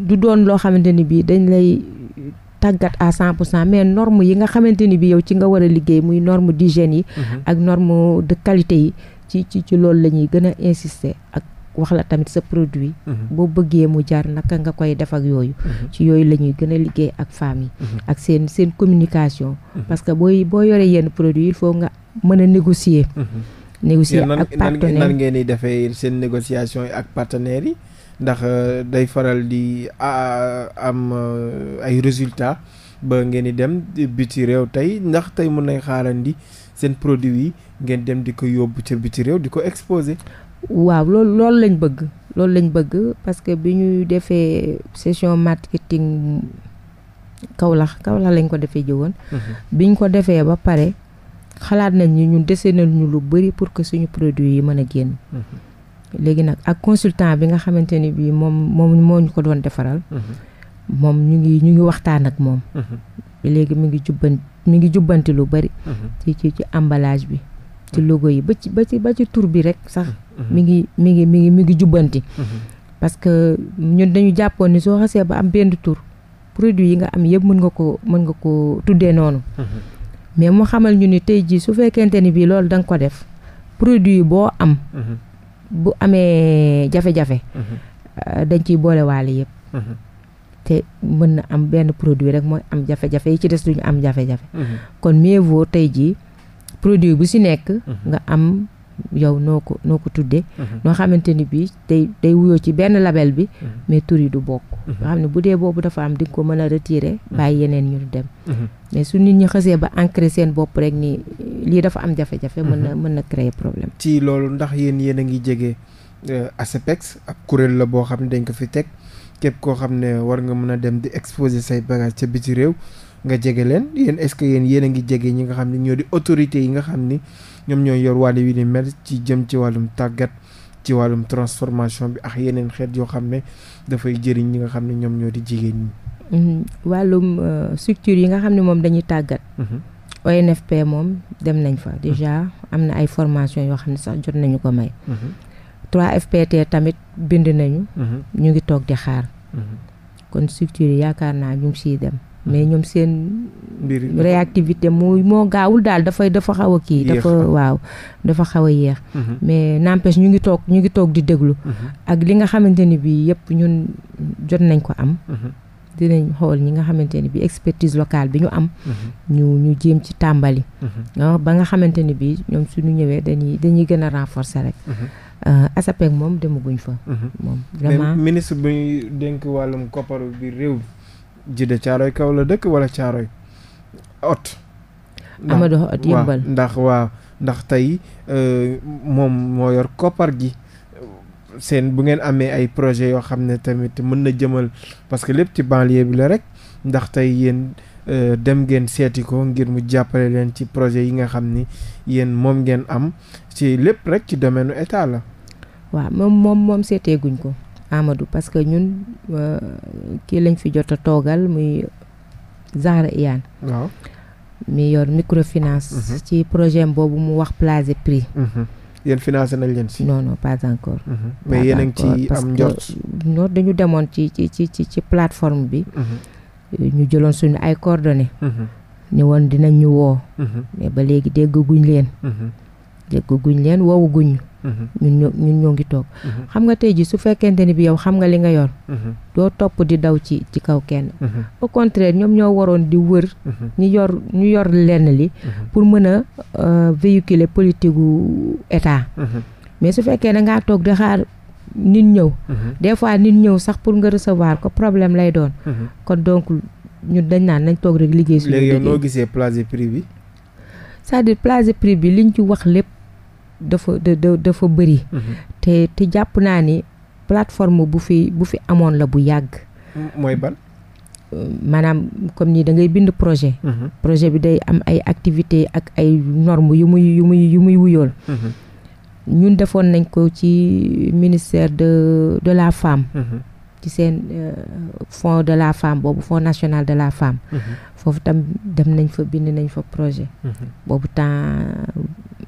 du doon loo xamante ni tàggat à cent pour mais norme yi nga xamante ni bi yow ci nga war liggéey muy norme d'hygiène yi mhm. ak norme de qualité yi ci ci ci loolu la ñuy gën a insister ak wax la tamit sa produit mhm. boo bëggee mu jaar naka nga koy def ak yooyu mhm. ci yooyu la ñuy gën a liggéey ak femmes yi ak seen seen communication parce que booy boo yoree yenn produit il faut nga mën a négocier négocier ak ngeen di defee seen négociation yi ak partenaires yi ndax euh, day faral di am euh, ay résultats ba ngeen di dem biti réew tey ndax tey mën nañ di seen produit yi ngeen dem di ko yóbbu ca biti réew di ko exposer. waaw lool loolu lañ bëgg loolu lañ bëgg parce que bi ñuy defee session marketing Kaolack Kaolack lañ ko defee jëwoon. Mhm. biñ ko defee ba pare xalaat nañ ñu ñun dese nañ ñu lu bëri pour que suñu produit yi mën a génn. Mhm. léegi nag ak consultant bi nga xamante ni bii moom moom moo ñu ko doon defaral. Mhm. moom ñu ngi ñu ngi waxtaan ak moom. Mhm. léegi mi ngi jubban mi ngi jubbanti lu bari. Mhm. ci ci ci emballage bi. ci logo yi ba ci ba ci tur bi rek sax. mi ngi mi ngi mi ngi mi ngi jubbanti. parce que ñun dañu jàppoon ni soo xasee ba am benn tur produit yi nga am yëpp mën nga ko mën nga ko tuddee noonu. mais mu xamal ñu ni tey jii su fekkente ni bii loolu da nga ko def produit boo am. bu amee jafe-jafe. Mhm. Euh, dañ ciy boolewaal yëpp. Mhm. te mën na am benn produit rek mooy am jafe-jafe yi ci des duñu am jafe-jafe. Mhm. kon mieux tey jii produit bu si nekk. nga am yow noo ko noo ko tuddee mhm. noo xamante ni bii tey day wuyoo ci benn label bi mhm. mais tur yi du bokk mhm. nga xam ne bu dee boobu dafa am di nga ko mën a retirer bàyyi yeneen ñu dem mais su nit ñi xësee ba ancré seen bopp rek nii lii dafa am jafe-jafe mën na mën na créer problème ci loolu ndax yéen yéen a ngi jege euh, ASEPEX ak kuréel la boo xam ne dañ ko fi teg képp koo xam ne war nga mën a dem di exposer say bagage ca biti réew nga jege leen yéen est-ce que yéen a ngi jege ñi nga xam ne ñoo di autorité yi xam ni ñoom ñoo yor wàll wi ni mel ci jëm ci wàllum tàggat ci wàllum transformation bi ak yeneen xeet yoo xam ne dafay jëriñ ñi nga xam ne ñoom ñoo di jigéen ñi. Mhm. wàllum euh, structure yi nga xam ne moom dañuy tàggat. Mhm. ONFP moom dem nañ fa mhm. déjà am na ay formation yoo xam ne sax jot nañu ko may. 3FPT tamit bind nañu. ñu ngi toog di xaar. kon structure yi yaakaar naa ñu ngi siy dem. mais ñoom seen réactivité mu moo gaawul daal dafay dafa xaw a kii dafa waaw dafa xaw a yéex mhm. mais n'empêche ñu ngi toog ñu ngi toog di déglu mhm. ak li nga xamante ni bi yëpp ñun jot nañ ko am mhm. dinañ xool ñi nga xamante ni bi expertise locale bi ñu am ñu ñu jéem ci tàmbali ba nga xamante ni bi ñoom suñu ñëwee dañuy dañuy gën a renforcer rek euh, ASAPEC moom demaguñ fa moom ministre bi dénk wàllum kopparu bi réew bi jidde caaroy kaw la dëkk wala caaroy ot amadou ot yëmbal ndax waa ndax tey euh, moom moo yor koppar gi seen bu ngeen amee ay projet yoo xam ne tamit mën na jëmal parce que lépp ci banlieue bi la rek ndax tey yéen euh, dem ngeen seeti ko ngir mu jàppale leen ci projet yi nga xam ni yéen moom ngeen am ci lépp rek ci domaine état la waaw moom moom moom seeteeguñ ko Amadou parce que ñun euh, kii lañ fi jot a toogal muy Zahra Iyane. waaw yor microfinance. Mhm. ci projet boobu mu wax placer pris mhm. yéen financé nañ leen si. non non pas encore. Mhm. mais yéen ci am njort parce euh, dañu demoon ci ci ci ci ci plateforme bi. ñu jëloon suñu ay coordonnées. ni woon dinañ ñu woo. mais ba léegi déggaguñ leen. déggaguñ leen woowaguñ ñu. ñun ñoo ñun ñoo ngi toog mm-hmm. xam nga tey ji su fekkente ni bi yow xam nga li nga yor mm-hmm. doo topp di daw ci ci kaw kenn mm-hmm. au contraire ñoom ñoo waroon di wër ñu yor ñu yor lenn li pour mën a euh, véhiculer politique gu état mais su fekkee da ngaa toog di xaar nit ñëw des fois nit ñëw sax pour nga recevoir ko problème lay doon kon donc ñu dañ naan nañ toog rek liggéey su léegi yow noo gisee place pris bi sa à dire place bi liñ ci wax lépp dafa de dafa bëri. Mhm. te te jàpp naa ni plateforme bu fi bu fi amoon la bu yàgg. mooy ban. Euh, maanaam comme nii da ngay bind projet. Mhm. projet bi day am ay activité ak ay normes yu muy yu muy yu muy wuyool. Mhm. ñun defoon nañ ko ci ministère de de la femme. ci seen euh, fonds de la femme boobu fonds national de la femme. foofu tam dem nañ fa bind nañ fa projet. boobu temps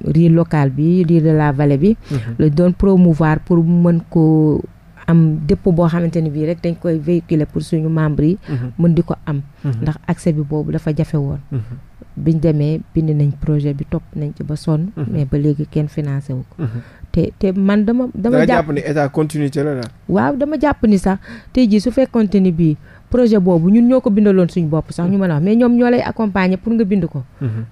riz local bi riz la vallée bi. Mhm. la doon promouvoir pour mën ko am dépp boo xamante ni bii rek dañ koy véhiculer pour suñu membres yi. Mhm. mën di ko am. Mhm. ndax accès bi boobu dafa jafe woon. biñ demee bind nañ projet bi topp nañ ci ba sonn. mais ba léegi kenn financé wu ko. te man dama. dama jàpp ni état continuité dama jàpp ni sax te jii su fekkonte ni bii projet boobu ñun ñoo ko bindaloon suñu bopp sax ñu mën a wax mais ñoom ñoo lay accompagner pour nga bind ko.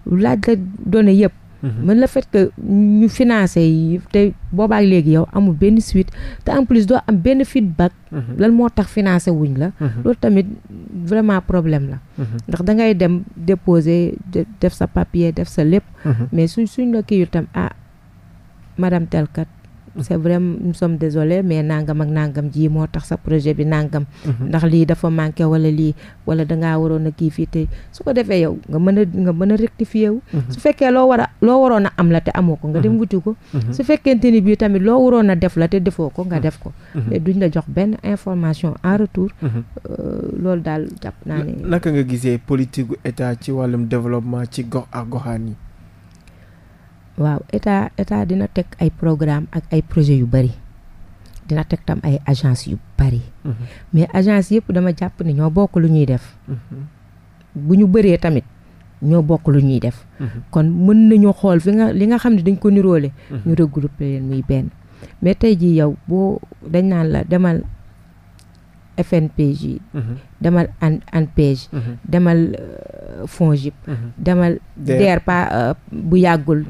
laaj la données yëpp. mën mhm. le fait ñu financé yi te boobaak léegi yow amul benn suite te en plus doo am benn feedback. Mhm. lan moo tax financé wuñ la. Mhm. loolu tamit vraiment problème la. ndax da ngay dem déposer def sa papier def sa lépp. mais suñ suñ la kii tam ah madame telkat c'est vraiment nous sommes désolés mais nangam ak nangam ji moo tax sa projet bi nangam. Mhm. ndax lii dafa manqué wala lii wala dangaa waroon a kii fii te su ko defee yow nga mën a nga mën a rectifier wu. Mhm. su fekkee loo war a loo waroon a am la te amoo ko nga dem mhm. wuti ko. su fekkente ni bii tamit loo waroon a def la te defoo ko nga def ko. duñ la jox benn information en retour. Euh, loolu daal jàpp naa ne. naka nga gisee politique gu état ci wàllum développement ci gox ak goxaan waaw état état dina teg ay programme ak ay projet yu bari dina teg tam ay agence yu bari mm mais agence yëpp dama jàpp ne ñoo bokk lu ñuy def mhm. bu ñu bëree tamit ñoo bokk lu ñuy def mhm. kon mën nañu xool fi nga li nga xam ne dañ ko niroole mhm. ñu regrouper leen muy benn mais tey jii yow boo dañ naan la demal FNPJ mm-hmm. demal an ANPEJ mm-hmm. demal euh, FONGIP mm-hmm. demal DER pa euh, bu yàggul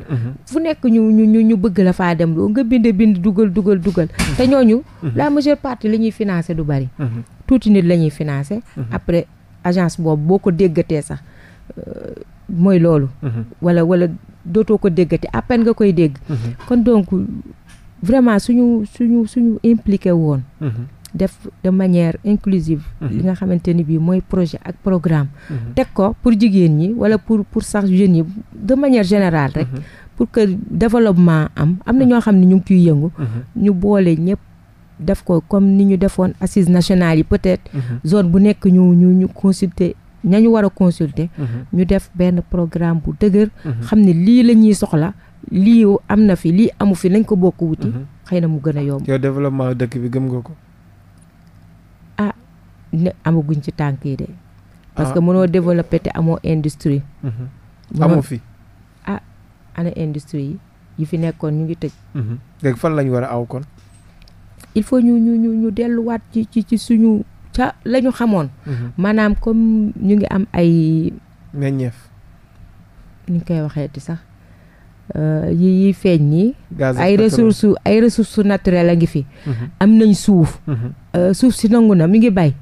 fu nekk ñu ñu ñu ñu bëgg la faa dem loo nga bind bind dugal dugal dugal te ñooñu la majeure partie li ñuy financé du bari tuuti nit la ñuy financé après agence boobu boo ko déggatee sax euh, mooy loolu wala wala dootoo ko déggate à nga koy dégg kon donc vraiment suñu suñu suñu impliqué woon def de manière inclusive mhm. li nga xamante ni bii mooy projet ak programme mhm. teg ko pour jigéen ñi wala pour pour sax jeunes yi de manière générale rek mhm. pour que développement am am na ñoo xam ne ñu ngi ciy yëngu ñu boole ñëpp def ko comme ni ñu defoon assise nationales yi peut-être zone bu nekk ñu ñu ñu consulter ñañu war a consulter ñu def benn programme bu dëgër xam ne lii la ñuy soxla lii am na fi lii amu fi nañ ko bokk wuti xëy na mu gën a yomb yow développement dëkk bi gëm nga ko ne amaguñ ci tànk yi de. parce ah, que mënoo développé te amoo industrie. Mhm. amoo fi a ah, ana industrie yi yi fi nekkoon ñu ngi tëj. Mhm. léegi fan lañu war a aw kon. il faut ñu ñu ñu ñu delluwaat ci ci ci suñu ca la ñu xamoon. Mhm. maanaam comme ñu ngi am ay. meññeef. ni ñu koy waxeeti sax euh, yi yiy feeñ nii. ay ressources ay ressources naturelles a ngi fi. am nañ suuf. Euh, suuf si nangu na mi ngi bay.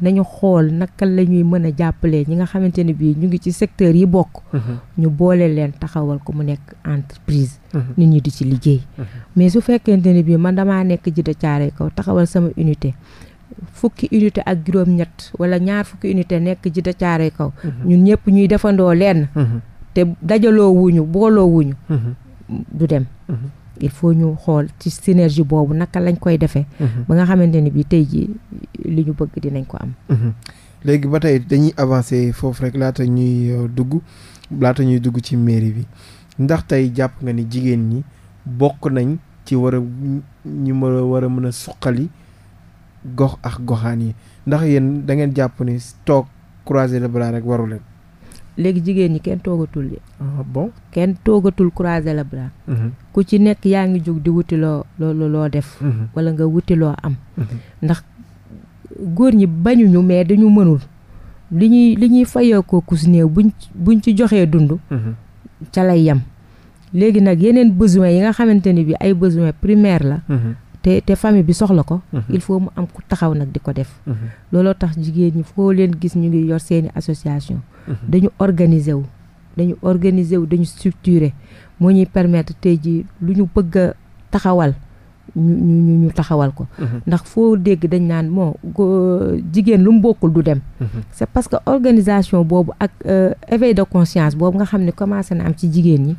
nañu xool naka la ñuy mën a jàppale ñi nga xamante ni bii ñu ngi ci secteur yi bokk. Mhm. ñu boole leen taxawal ko mu nekk entreprise. Mhm. nit ñi di ci liggéey. Mhm. mais su fekkente ne bii man damaa nekk ji da caare kaw taxawal sama unité. fukki unité ak juróom-ñett wala ñaar fukki unité nekk ji da caare kaw. ñun ñëpp ñuy defandoo leen. te dajaloo wuñu booloo wuñu. du dem. il faut ñu xool ci synergie boobu naka lañ koy defee. Mhm. ba nga xamante ni bii tey jii li ñu bëgg dinañ ko am. Mhm. léegi ba tey dañuy avancer foofu rek laata ñuy euh, dugg laata ñuy dugg ci mairie bi ndax tey jàpp nga ni jigéen ñi bokk nañ ci war a ñu mën a war a mën a suqali gox ak goxaan yi ndax yéen da ngeen jàpp ni toog croiser de bras rek waru leen. léegi jigéen ñi kenn toogatul de. Ah, kenn toogatul croiser le bras. Mm-hmm. ku ci nekk yaa ngi jóg di wuti loo loo def. Mm-hmm. wala nga wuti loo am. Mm-hmm. ndax góor ñi bañuñu mais dañu mënul li ñuy li ñuy fayoo ko kus néew buñ buñ ci joxee dund. ca lay yem. léegi nag yeneen besoin yi nga xamante ni bi ay besoin primaire la. te te famille bi soxla ko. Mhm. il faut mu am ku taxaw nag di ko def. Mhm. looloo tax jigéen ñi foo leen gis ñu ngi yor seeni association. Mhm. dañu organiser wu. dañu organiser wu dañu structurer moo ñuy permettre te jii lu ñu bëgg taxawal ñu ñu ñu taxawal ko. ndax foo dégg dañ naan moo jigéen lu mu bokkul du dem. c'est parce que organisation boobu ak euh, éveil de conscience boobu nga xam ne commencé na am ci jigéen ñi.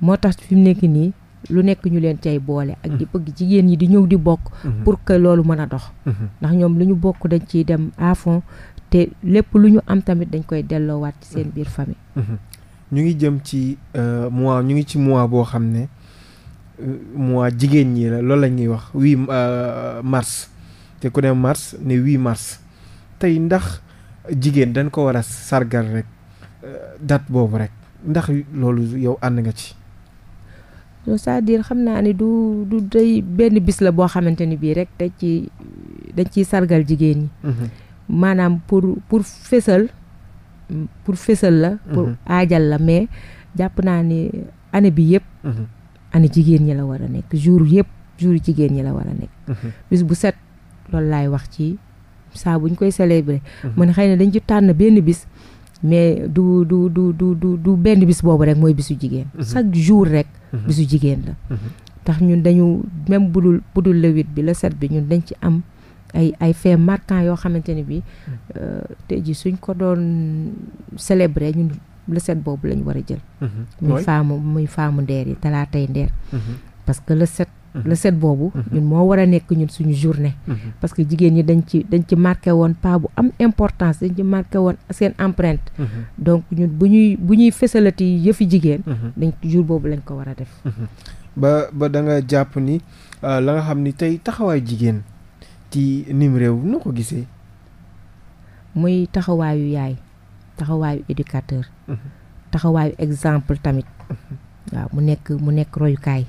moo tax fi mu nekk nii. lu nekk ñu leen cay boole ak di mm-hmm. bëgg jigéen ñi di ñëw di bokk mm-hmm. pour que loolu mën a dox mm-hmm. ndax ñoom lu ñu bokk dañ ciy dem à fond te lépp lu ñu am tamit dañ koy delloowaat ci seen biir famille ñu ngi jëm ci euh, mois ñu ngi ci mois boo xam ne euh, mois jigéen ñi la loolu la ñuy wax huit euh, mars te ku ne mars ne huit mars tey ndax jigéen dañ ko war a sargal rek date boobu rek ndax loolu yow ànd nga ci c'est-à-dire xam naa ni du du day benn bis la boo xamante ni bii rek dañ ci dañ ciy sargal jigéen ñi mhm. maanaam pour pour fésal pour fésal la mhm. aajal la mais jàpp naa ni année bi yëpp mhm. année jigéen ñi la war a nekk jour yëpp jour jigéen ñi la war a nekk bis bu set loolu laay wax ci saa buñ koy célébrer man xëy na dañ ci tànn benn bis mais du du du du du du benn bis boobu rek mooy bisu jigéen. Mhm. chaque jour rek. Mhm. bisu jigéen la. tax mhm. ñun dañu même budul budul le huit bi le sept bi ñun dañ ci am ay ay faits marquants yoo xamante ne bi euh, te ji suñ ko doon célébrer ñun le sept boobu la ñu war a jël. muy faamu muy faamu ndeer yi talaatay ndeer. parce que le le set boobu mhm. ñun moo war a nekk ñun suñu journée mhm. parce que jigéen ñi dañ ci dañ ci marqué woon pas bu am importance dañ ci marqué woon seen empreinte mhm. donc ñun bu ñuy bu ñuy fësalati yëfi jigéen dañ jour boobu lañ ko war a def ba danga jàpp ni euh, la nga xam ni tey taxawaay jigéen ci nim réew noo ko gisee muy taxawaayu yaay taxawaayu éducateur taxawaayu exemple tamit waaw mu nekk mu nekk royukaay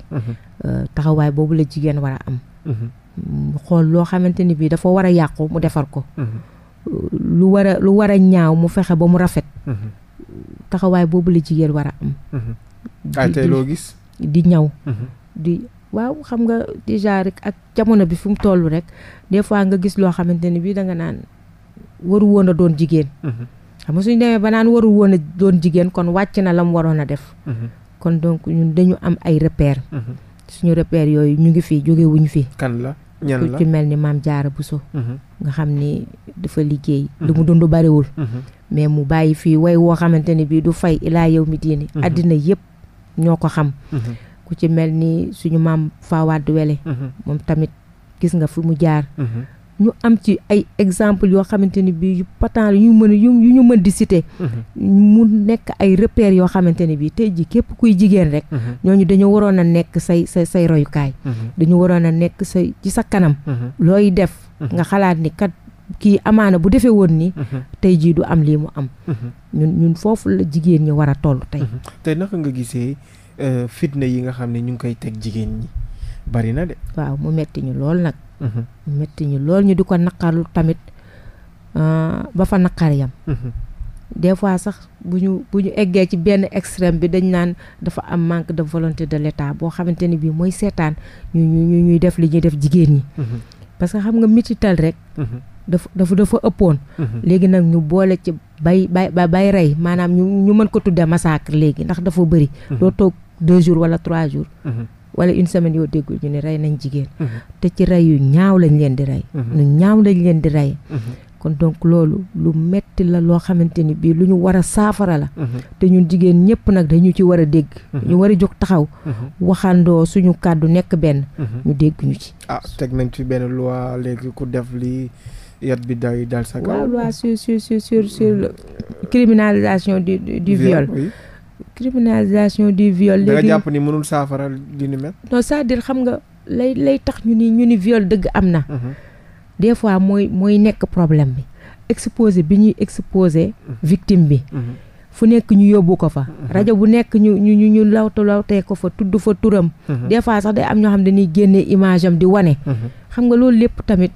Euh, taxawaay boobu la jigéen war a am mm-hmm. mm, xool loo xamante ni bii dafa war a yàqu mu defar ko mm-hmm. lu war a lu war a ñaaw mu fexe ba mu rafet mm-hmm. taxawaay boobu la jigéen war a am ay tey loo gis di ñaw di waaw xam nga déjà ak jamono bi fi mu toll rek des fois nga gis loo xamante ni bii danga naan waru woon a doon jigéen xam nga suñu demee ba naan waru woon a doon jigéen kon wàcc na la mu waroon a def kon donc ñun dañu am ay repères suñu repère yooyu ñu ngi fi jóge wuñ fi. kan la ñan ku ci mel ni maam Jaara Buso mhm. nga xam ni dafa liggéey. Mhm. lu mu dund bariwul. Mhm. mais mu bàyyi fii way woo xamante ni bii du fay ilaa yow mi diini. àddina yëpp ñoo ko xam. ku ci mel ni suñu maam Fawad Wele. moom tamit gis nga fi mu jaar. ñu am ci ay exemple yoo xamante ni bii yu patent yu yu ñu mën di citer. Mm-hmm. mu nekk ay repères yoo xamante ni bii tey ji képp kuy jigéen rek. Mm-hmm. ñooñu dañu waroon a nekk say say say royukaay. Mm-hmm. dañu waroon a nekk say ci sa kanam. looy def nga xalaat ni kat. kii amaana bu defee woon ni tey jii du am lii mu am ñun ñun foofu la jigéen ñi war a toll tey tey naka nga gisee euh, fitna yi nga xam ne ñu ngi koy teg jigéen ñi bari na de waaw mu metti ñu lool nag métti mhm. ñu lool ñu di ko naqarlu tamit euh, ba fa naqar yam mhm. fois sax bu ñu bu ñu eggee ci benn extrême bi dañ naan dafa am manque de volonté de l'État boo xamante ni bii mooy seetaan ñu ñu ñuy def li ñuy def jigéen ñi mhm. parce que xam nga mitital rek dafa dafa dafa ëppoon léegi nag ñu boole ci bay bay bay rey maanaam ñu ñu mën ko tuddee massacre léegi ndax dafa bëri doo toog deux jours wala trois jours wala une semaine yoo déggul ñu ne rey nañ jigéen mhm. te ci rey yu ñaaw lañ leen di rey ñu mhm. ñaaw lañ leen di rey mhm. kon donc loolu lu metti la loo xamante ni bii lu ñu war a saafara la te ñun jigéen ñëpp nag dañu ci war a dégg ñu war a jóg taxaw waxandoo suñu kàddu nekk benn ñu dégg ci ah teg nañ ci benn loi léegi ku def lii yat bi daw yi daal sa kaw waaw loi sur sur euh, criminalisation du du viol criminalisation du viol. da nga jàpp ni mënul saafara li ni mel. non di xam nga lay lay tax ñu ni ñu ni viole dëgg am na. Mhm. des fois mooy mooy nekk problème bi. exposé bi ñuy exposé. Mhm. victime bi. Mhm. fu nekk ñu yóbbu ko fa. rajo bu nekk ñu ñu ñu ñu lawte lawtee ko fa tudd fa turam. des fois sax day am ñoo xam dañuy génne image am di wane. xam nga loolu lépp tamit.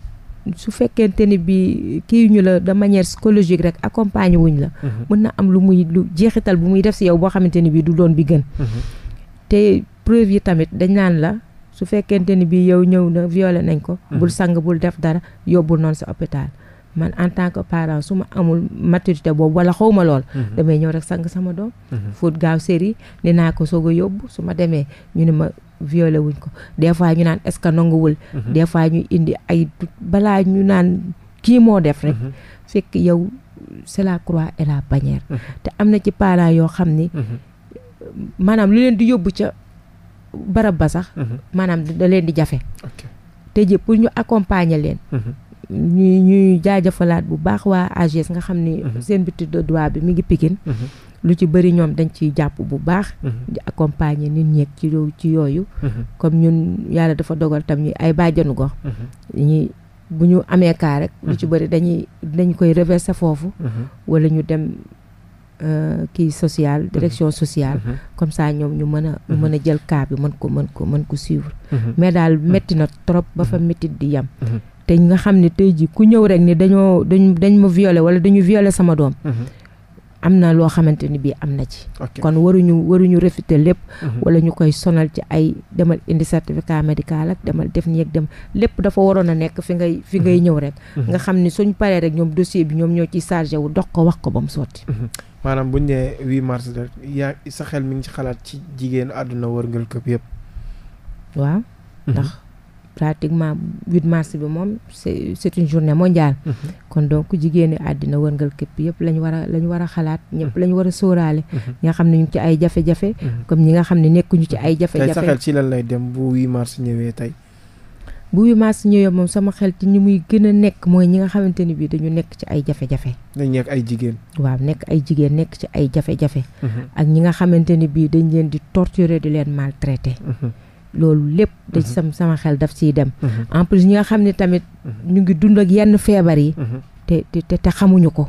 su fekkente ni bi kii ñu la de manière psychologique rek accompagner wuñ la mhm. mën na am lu muy lu jeexital bu muy def si yow boo xamante ni bi du doon bi gën mhm. te preuve yi tamit dañ naan la su fekkente ni bi yow ñëw na violé nañ ko mhm. bul sang bul def dara yóbbul noonu si hôpital man en tant que parent su ma amul maturité boobu wala xawma lool damay ñëw rek sang sama doom fóot gaaw séri ni naa ko soog a yóbbu su ma demee ñu ne ma violé wuñ ko des fois ñu naan est-ce que nanguwul. Mhm. des fois ñu indi ay balaa ñu naan kii moo def rek. Mhm. fekk yow c'est la croix et la bannière. Mhm. te am na ci parents yoo xam ni. maanaam lu leen di yóbbu ca barab ba sax. maanaam da leen di jafe. te ji pour ñu accompagner leen. ñuy ñuy jaajëfalaat bu baax waa AGS nga xam ni. seen butu de droit bi mi ngi Pikine lu ci bëri ñoom dañ ciy jàpp bu baax. Mhm. di accompagner nit ñeeg ci ci yooyu. Mhm. comme ñun yàlla dafa dogal tam ñu ay bàjjanu ko mhm. ñi bu ñu amee kaar rek. lu ci bëri dañuy dañ koy reverser foofu. wala ñu dem euh, kii sociale direction sociale. comme ça ñoom ñu mën a mën a jël kaar bi mën ko mën ko mën ko suivre. mais daal métti na trop ba fa métti di yem. te nga xam ne tey jii ku ñëw rek ni dañoo dañ dañ ma violé wala dañu violé sama doom. am na loo xamante ni bii am na ci. kon waruñu waruñu réfuter lépp. Mhm. wala ñu koy sonal ci ay demal indi certificat médical ak demal def nii ak dem lépp dafa waroon a nekk fi ngay fi ngay mhm. ñëw rek. Mhm. nga xam ni suñ paree rek ñoom dossier bi ñoom ñoo ciy chargé wu dox ko wax ko ba mu sotti. maanaam buñ nee 8 mars rek sa xel mi ngi ci xalaat ci jigéen àdduna wërngal këpp yëpp. waaw pratiquement 8 mars bi moom c'est c'est une journée mondiale. Mhm. kon donc jigéeni àddina wërngal képp yëpp lañ war a lañ war a xalaat. ñëpp mhm. lañ war a sóoraale. Mhm. ñi nga xam ne ci ay jafe comme ñi nga xam ne nekkuñu ci ay jafe-jafe. tey sa lay dem bu 8 mars ñëwee tey. bu 8 mars ñëwee moom sama xel ci ñi muy gën a nekk mooy ñi nga xamante ni bii dañu nekk ci ay jafe-jafe. dañ ay jigéen. waaw nekk ay jigéen nekk ci ay jafe-jafe. ak ñi nga xamante ni bii dañ leen di torture di leen maltraiter. loolu lépp dañ ci mhm. sam sama xel daf siy dem mhm. en plus ñi nga xam ne tamit mhm. ñu ngi dund ak yenn feebar yi te te te xamuñu ko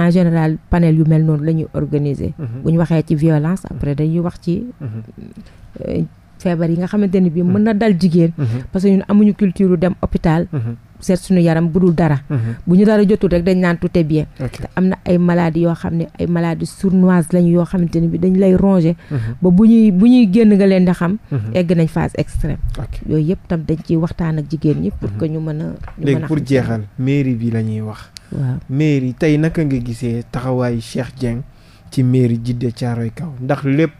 en général panel yu mel noonu la ñuy organiser bu ñu waxee ci violence après dañuy wax ci euh, feebar yi nga xamante ne bii mm-hmm. mën na dal jigéen mm-hmm. parce que ñun amuñu culture dem hôpital mm-hmm. seet suñu yaram bu dul dara bu ñu dara jotul rek dañ naan tout bien te am na ay maladies yoo xam ne ay maladies sournoises lañ yoo xamante ne bi dañ lay ronger ba bu ñuy bu ñuy génn nga leen di xam egg nañ phase extrême yooyu yëpp tam dañ ciy waxtaan ak jigéen ñi pour que ñu mën a léegi pour jeexal mairie bi la ñuy wax waaw mairie tey naka nga gisee taxawaayu Cheikh Dieng ci mairie Djiddah Thiaroye Kao ndax lépp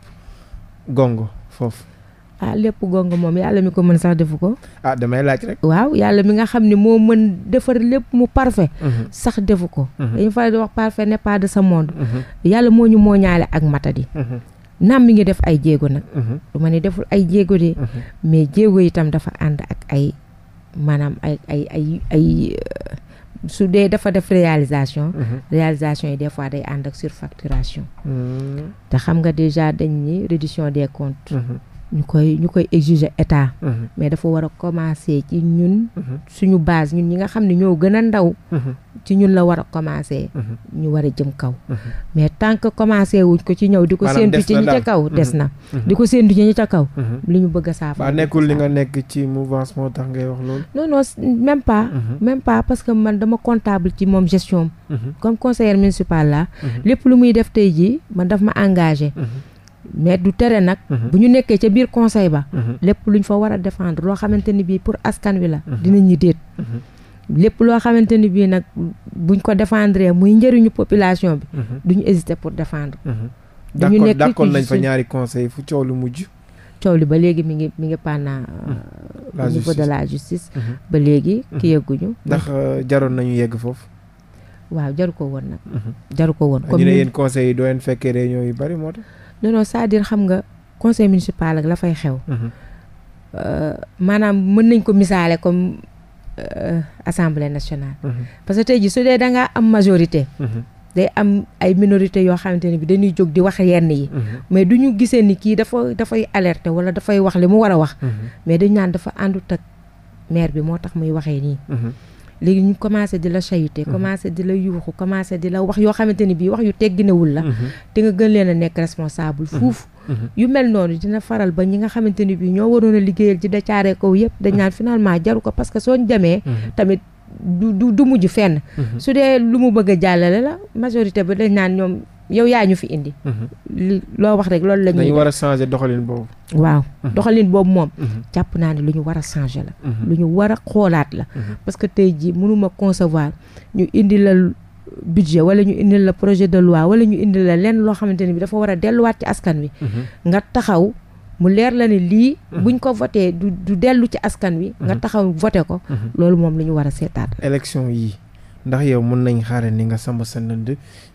ah lépp gongo moom yàlla mi ko mën sax defu ko. ah damay laaj rek. waaw yàlla mi nga xam ni moo mën defar lépp mu parfait. Mhm. sax defu ko. Mhm. dañu faral di wax parfait n'est de ce monde. Mhm. yàlla moo ñu moo ñaale ak matadi. naam mi ngi def ay jéego nag. du ma ne deful ay jéego de. mais jéego itam dafa ànd ak ay maanaam ay ay ay ay. Euh, su dee dafa def réalisation. réalisation yi des fois day ànd ak surfacturation. Mm. te xam nga déjà dañ ni reddition des comptes. ñu koy ñu koy exiger état. Mhm. mais dafa war a commencer ci ñun. Mhm. suñu base ñun ñi nga xam ne ñoo gën a ndaw. Mhm. ci ñun la war a commencer. ñu war a jëm kaw. mais tant que commencer wuñ ko ci ñëw di ko séentu ci kaw des na. di ko séentu ci ñi ca kaw. li ñu bëgg a saafara. nekkul li nga nekk ci mouvance moo tax ngay wax loolu. non non même pas. même pas parce que man dama comptable ci moom gestion comme conseiller municipal la lépp lu muy def tey jii man daf ma engagé. mais du tere nag. Mhm. bu ñu nekkee ca biir conseil ba. Mhm. lépp lu luñ fa war a defendre loo xamante ni bii pour askan wi la. Mhm. dinañ ñi déet. lépp loo xamante ni bii nag buñ ko défendre muy njëriñu population bi. duñu hésiter pour defendre duñu nekk d'accord nañ fa ñaari conseil fu coow lu mujj. coow li ba léegi mi ngi mi ngi pendant. Euh, la justice ba léegi ki yegguñu. ndax euh, jaroon nañu yegg foofu. waaw jaru ko woon nag. jaru ko woon comme ñu ne yéen conseil yi doo leen fekkee réunion yu bari moo non non cest dire xam nga conseil municipal ak la fay xew. Mhm. Euh, maanaam mën nañ ko misaale comme euh, assemblée nationale. Mhm. parce que tey jii su dee da ngaa am majorité. Mhm. day am ay minorité yoo xamante ne bi dañuy jóg di wax yenn yi. mais du ñu gisee ni kii dafa dafay alerter wala dafay wax li mu war a wax. mais dañu naan dafa àndul ak maire bi moo tax muy waxee nii. léegi ñu commencé di la chayité mhm. commencé di la yuuxu commencé di la wax yoo xamante ni bii wax yu tegginewul la mhm. te nga gën leen a nekk responsable mhm. fuuf yu mel noonu dina faral ba ñi nga xamante ni bii ñoo waroon a liggéeyal ci dacaare kaw yëpp dañ naan finalement jaru ko parce que soo demee tamit du du du mujj fenn su dee lu mu bëgg a jàllale la majorité ba dañ naan ñoom yow yaa ñu fi indi. Mhm. loo wax rek loolu la ñuy. dañu war a changé doxalin boobu. waaw mhm. doxalin boobu moom. Mhm. jàpp naa ne lu ñu war a changé la. lu ñu war a xoolaat la. parce que tey jii mënuma concevoir ñu indi la budget wala ñu indi la projet de loi wala ñu indi la lenn loo xamante ne bi dafa war a delluwaat ci askan wi. nga taxaw. mu leer la ne lii. buñ ko votee du du dellu ci askan wi. nga taxaw voté ko. loolu moom la ñu war a seetaat. élection yii. ndax yow mun nañ xaare ni nga samba sa ndënd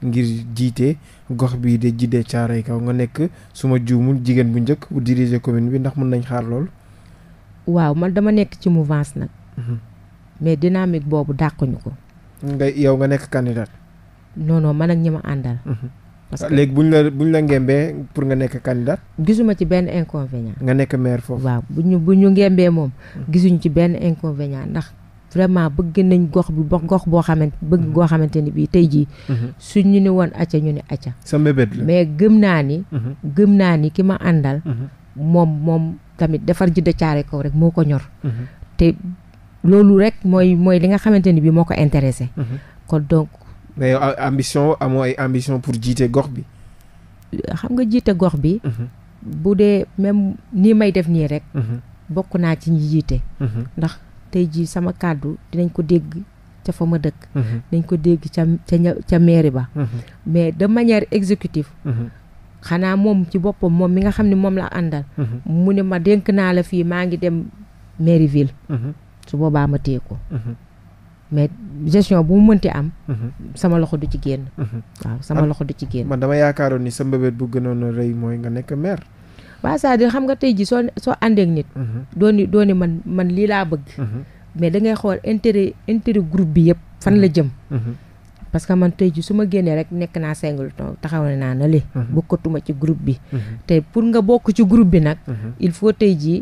ngir jiite gox bii de jiddee yi kaw nga nekk suma ma juumul jigéen bu njëkk bu diriger commune bi ndax mun nañ xaar lool waaw man dama nekk ci mouvance nag mhm. mais dynamique boobu dàquñu ko nga yow nga nekk candidat non non man ak ñi ma àndal mhm. parce ah, que léegi buñ la buñ la ngembee pour nga nekk candidat gisuma ci benn inconvénient nga nekk maire foofu waaw bu ñu bu ñu ngembee moom mhm. gisuñu ci benn inconvénient ndax vraiment bëgg nañ gox bi ba gox boo xamante bëgg ngoo mhm. xamante ni bii tey jii. Mhm. suñ ñu ne woon acca ñu ne acca. sa mbébét la mais gëm naa ni. Mhm. gëm naa ni ki ma àndal. moom moom tamit defar ji de caare kaw rek moo ko ñor. te loolu rek mooy mooy li nga xamante ni bii moo ko intéressé. kon donc. mais yow ambition amoo pour jiite gox bi. xam nga jiite gox bi. bu dee même nii may def nii rek. bokk naa ci ñi jiite. ndax tey jii sama kàddu dinañ ko dégg ca fa ma dëkk mhm. dinañ ko dégg ca ca ca mairie ba mhm. mais de manière exécutive mhm. xanaa moom ci boppam moom mi nga xam ne moom la àndal mu ne ma dénk naa la fii maa ngi dem mairie ville su boobaa ma téye ko mais gestion bu mu mënti am sama loxo du ci génn waaw sama loxo du ci génn man dama yaakaaroon ni sa mbébét bu gënoon a rëy mooy nga nekk maire waaw cest xam nga tey ji soo soo àndeek nit mhm. dooni dooni man man lii laa bëgg mhm. mais da ngay xool intérêt intérêt groupe bi yëpp fan la mhm. jëm parce que man tey ji su ma génnee rek nekk naa singleton taxaw ne naa na li bokkatuma ci groupe bi te pour nga bokk ci groupe bi nag il faut tey ji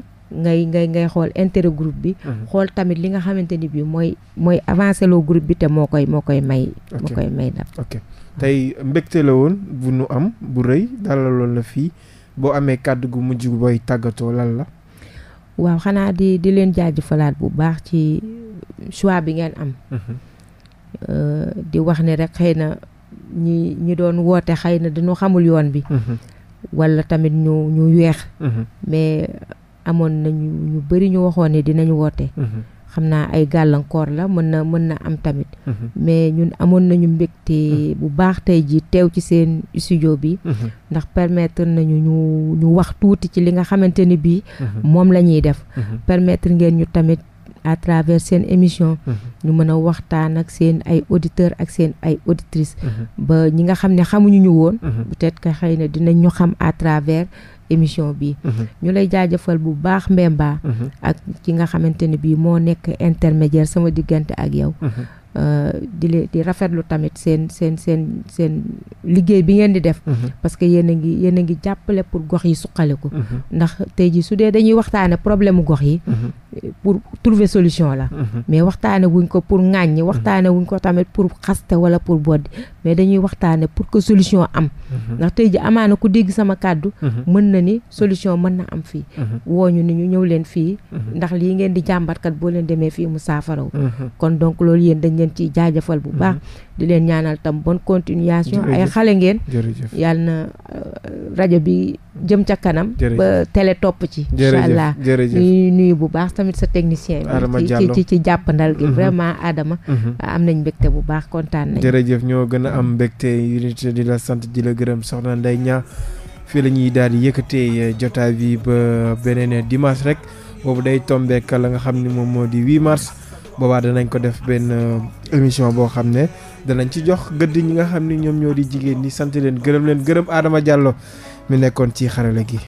ngay ngay ngay xool intérêt groupe bi xool tamit li nga xamante ni bi mooy mooy avancé loo groupe bi te moo koy moo koy may moo koy may dab ok tey mbégte la woon bu nu am bu rëy dalaloon la fii boo amee kàddu gu mujj booy tàggatoo lan la. waaw xanaa di di leen jaajëfalaat bu baax ci choix bi ngeen am. Mhm. Euh, di wax ne rek xëy na ñi ñi doon woote xëy na dañu xamul yoon bi. Mhm. wala tamit ñu ñu weex. Mhm. mais amoon nañu ñu bëri ñu waxoon ne dinañ woote. xam naa ay gàllankoor la mën na mën na am tamit mhm. mais ñun amoon nañu mbégte mhm. bu baax tey ji teew ci seen studio bi mhm. ndax permettre nañu ñu ñu wax tuuti ci li nga xamante ni bii moom la ñuy def permettre ngeen ñu tamit à travers seen émission mm-hmm. ñu mën a waxtaan ak seen ay auditeurs ak seen ay auditrices mm-hmm. ba ñi nga xam ne xamuñu ñu woon mm-hmm. peut-être que xëy na dinañ ñu xam à travers émission bi ñu lay jaajëfal bu baax Mbemba ak ki nga xamante ni bii moo nekk intermédiaire sama diggante ak yow Euh, di leen di rafetlu tamit seen seen seen seen liggéey bi ngeen di def. Mhm. parce que yéen a ngi yéen a ngi jàppale pour gox yi suqaliku. Mhm. ndax tey jii su dee dañuy waxtaane problème mu gox yi. Mhm. pour trouver solution la. mais waxtaane wuñ ko pour ŋàññi waxtaane wuñ ko tamit xaste wala pour boddi mais dañuy waxtaane pour que solution am. ndax tey ji amaana ku dégg sama kàddu. mën na ni solution mën na am fii. wooñu ni ñu ñëw leen fii. ndax lii ngeen di jàmbatkat boo leen demee fii mu saafaraw. kon donc loolu yéen dañ leen ciy jaajëfal bu baax mm-hmm. di leen ñaanal tam bonne continuation ay xale ngeen yàlla na euh, rajo bi jëm ca kanam ba télé topp ci incha allah ñuy nuyu bu baax tamit sa technicien bi ci ci ci jàppandal gi mm-hmm. vraiment Adama mm-hmm. am nañ mbégte bu baax kontaan nañ jërëjëf ñoo gën a am mbégte unité di la sant di la gërëm soxna Ndeye Niang fii la ñuy daal di yëkkatee euh, jotaa bi ba beneen dimanche rek boobu day tombeek la nga xam ne moom moo di 8 mars boobaa danañ ko def benn euh, émission boo xam ne danañ ci jox gëdd ñi nga xam ni ñoom ñoo di jigéen ñi sant leen gërëm leen gërëm aadama Diallo mi nekkoon ci xarale gi.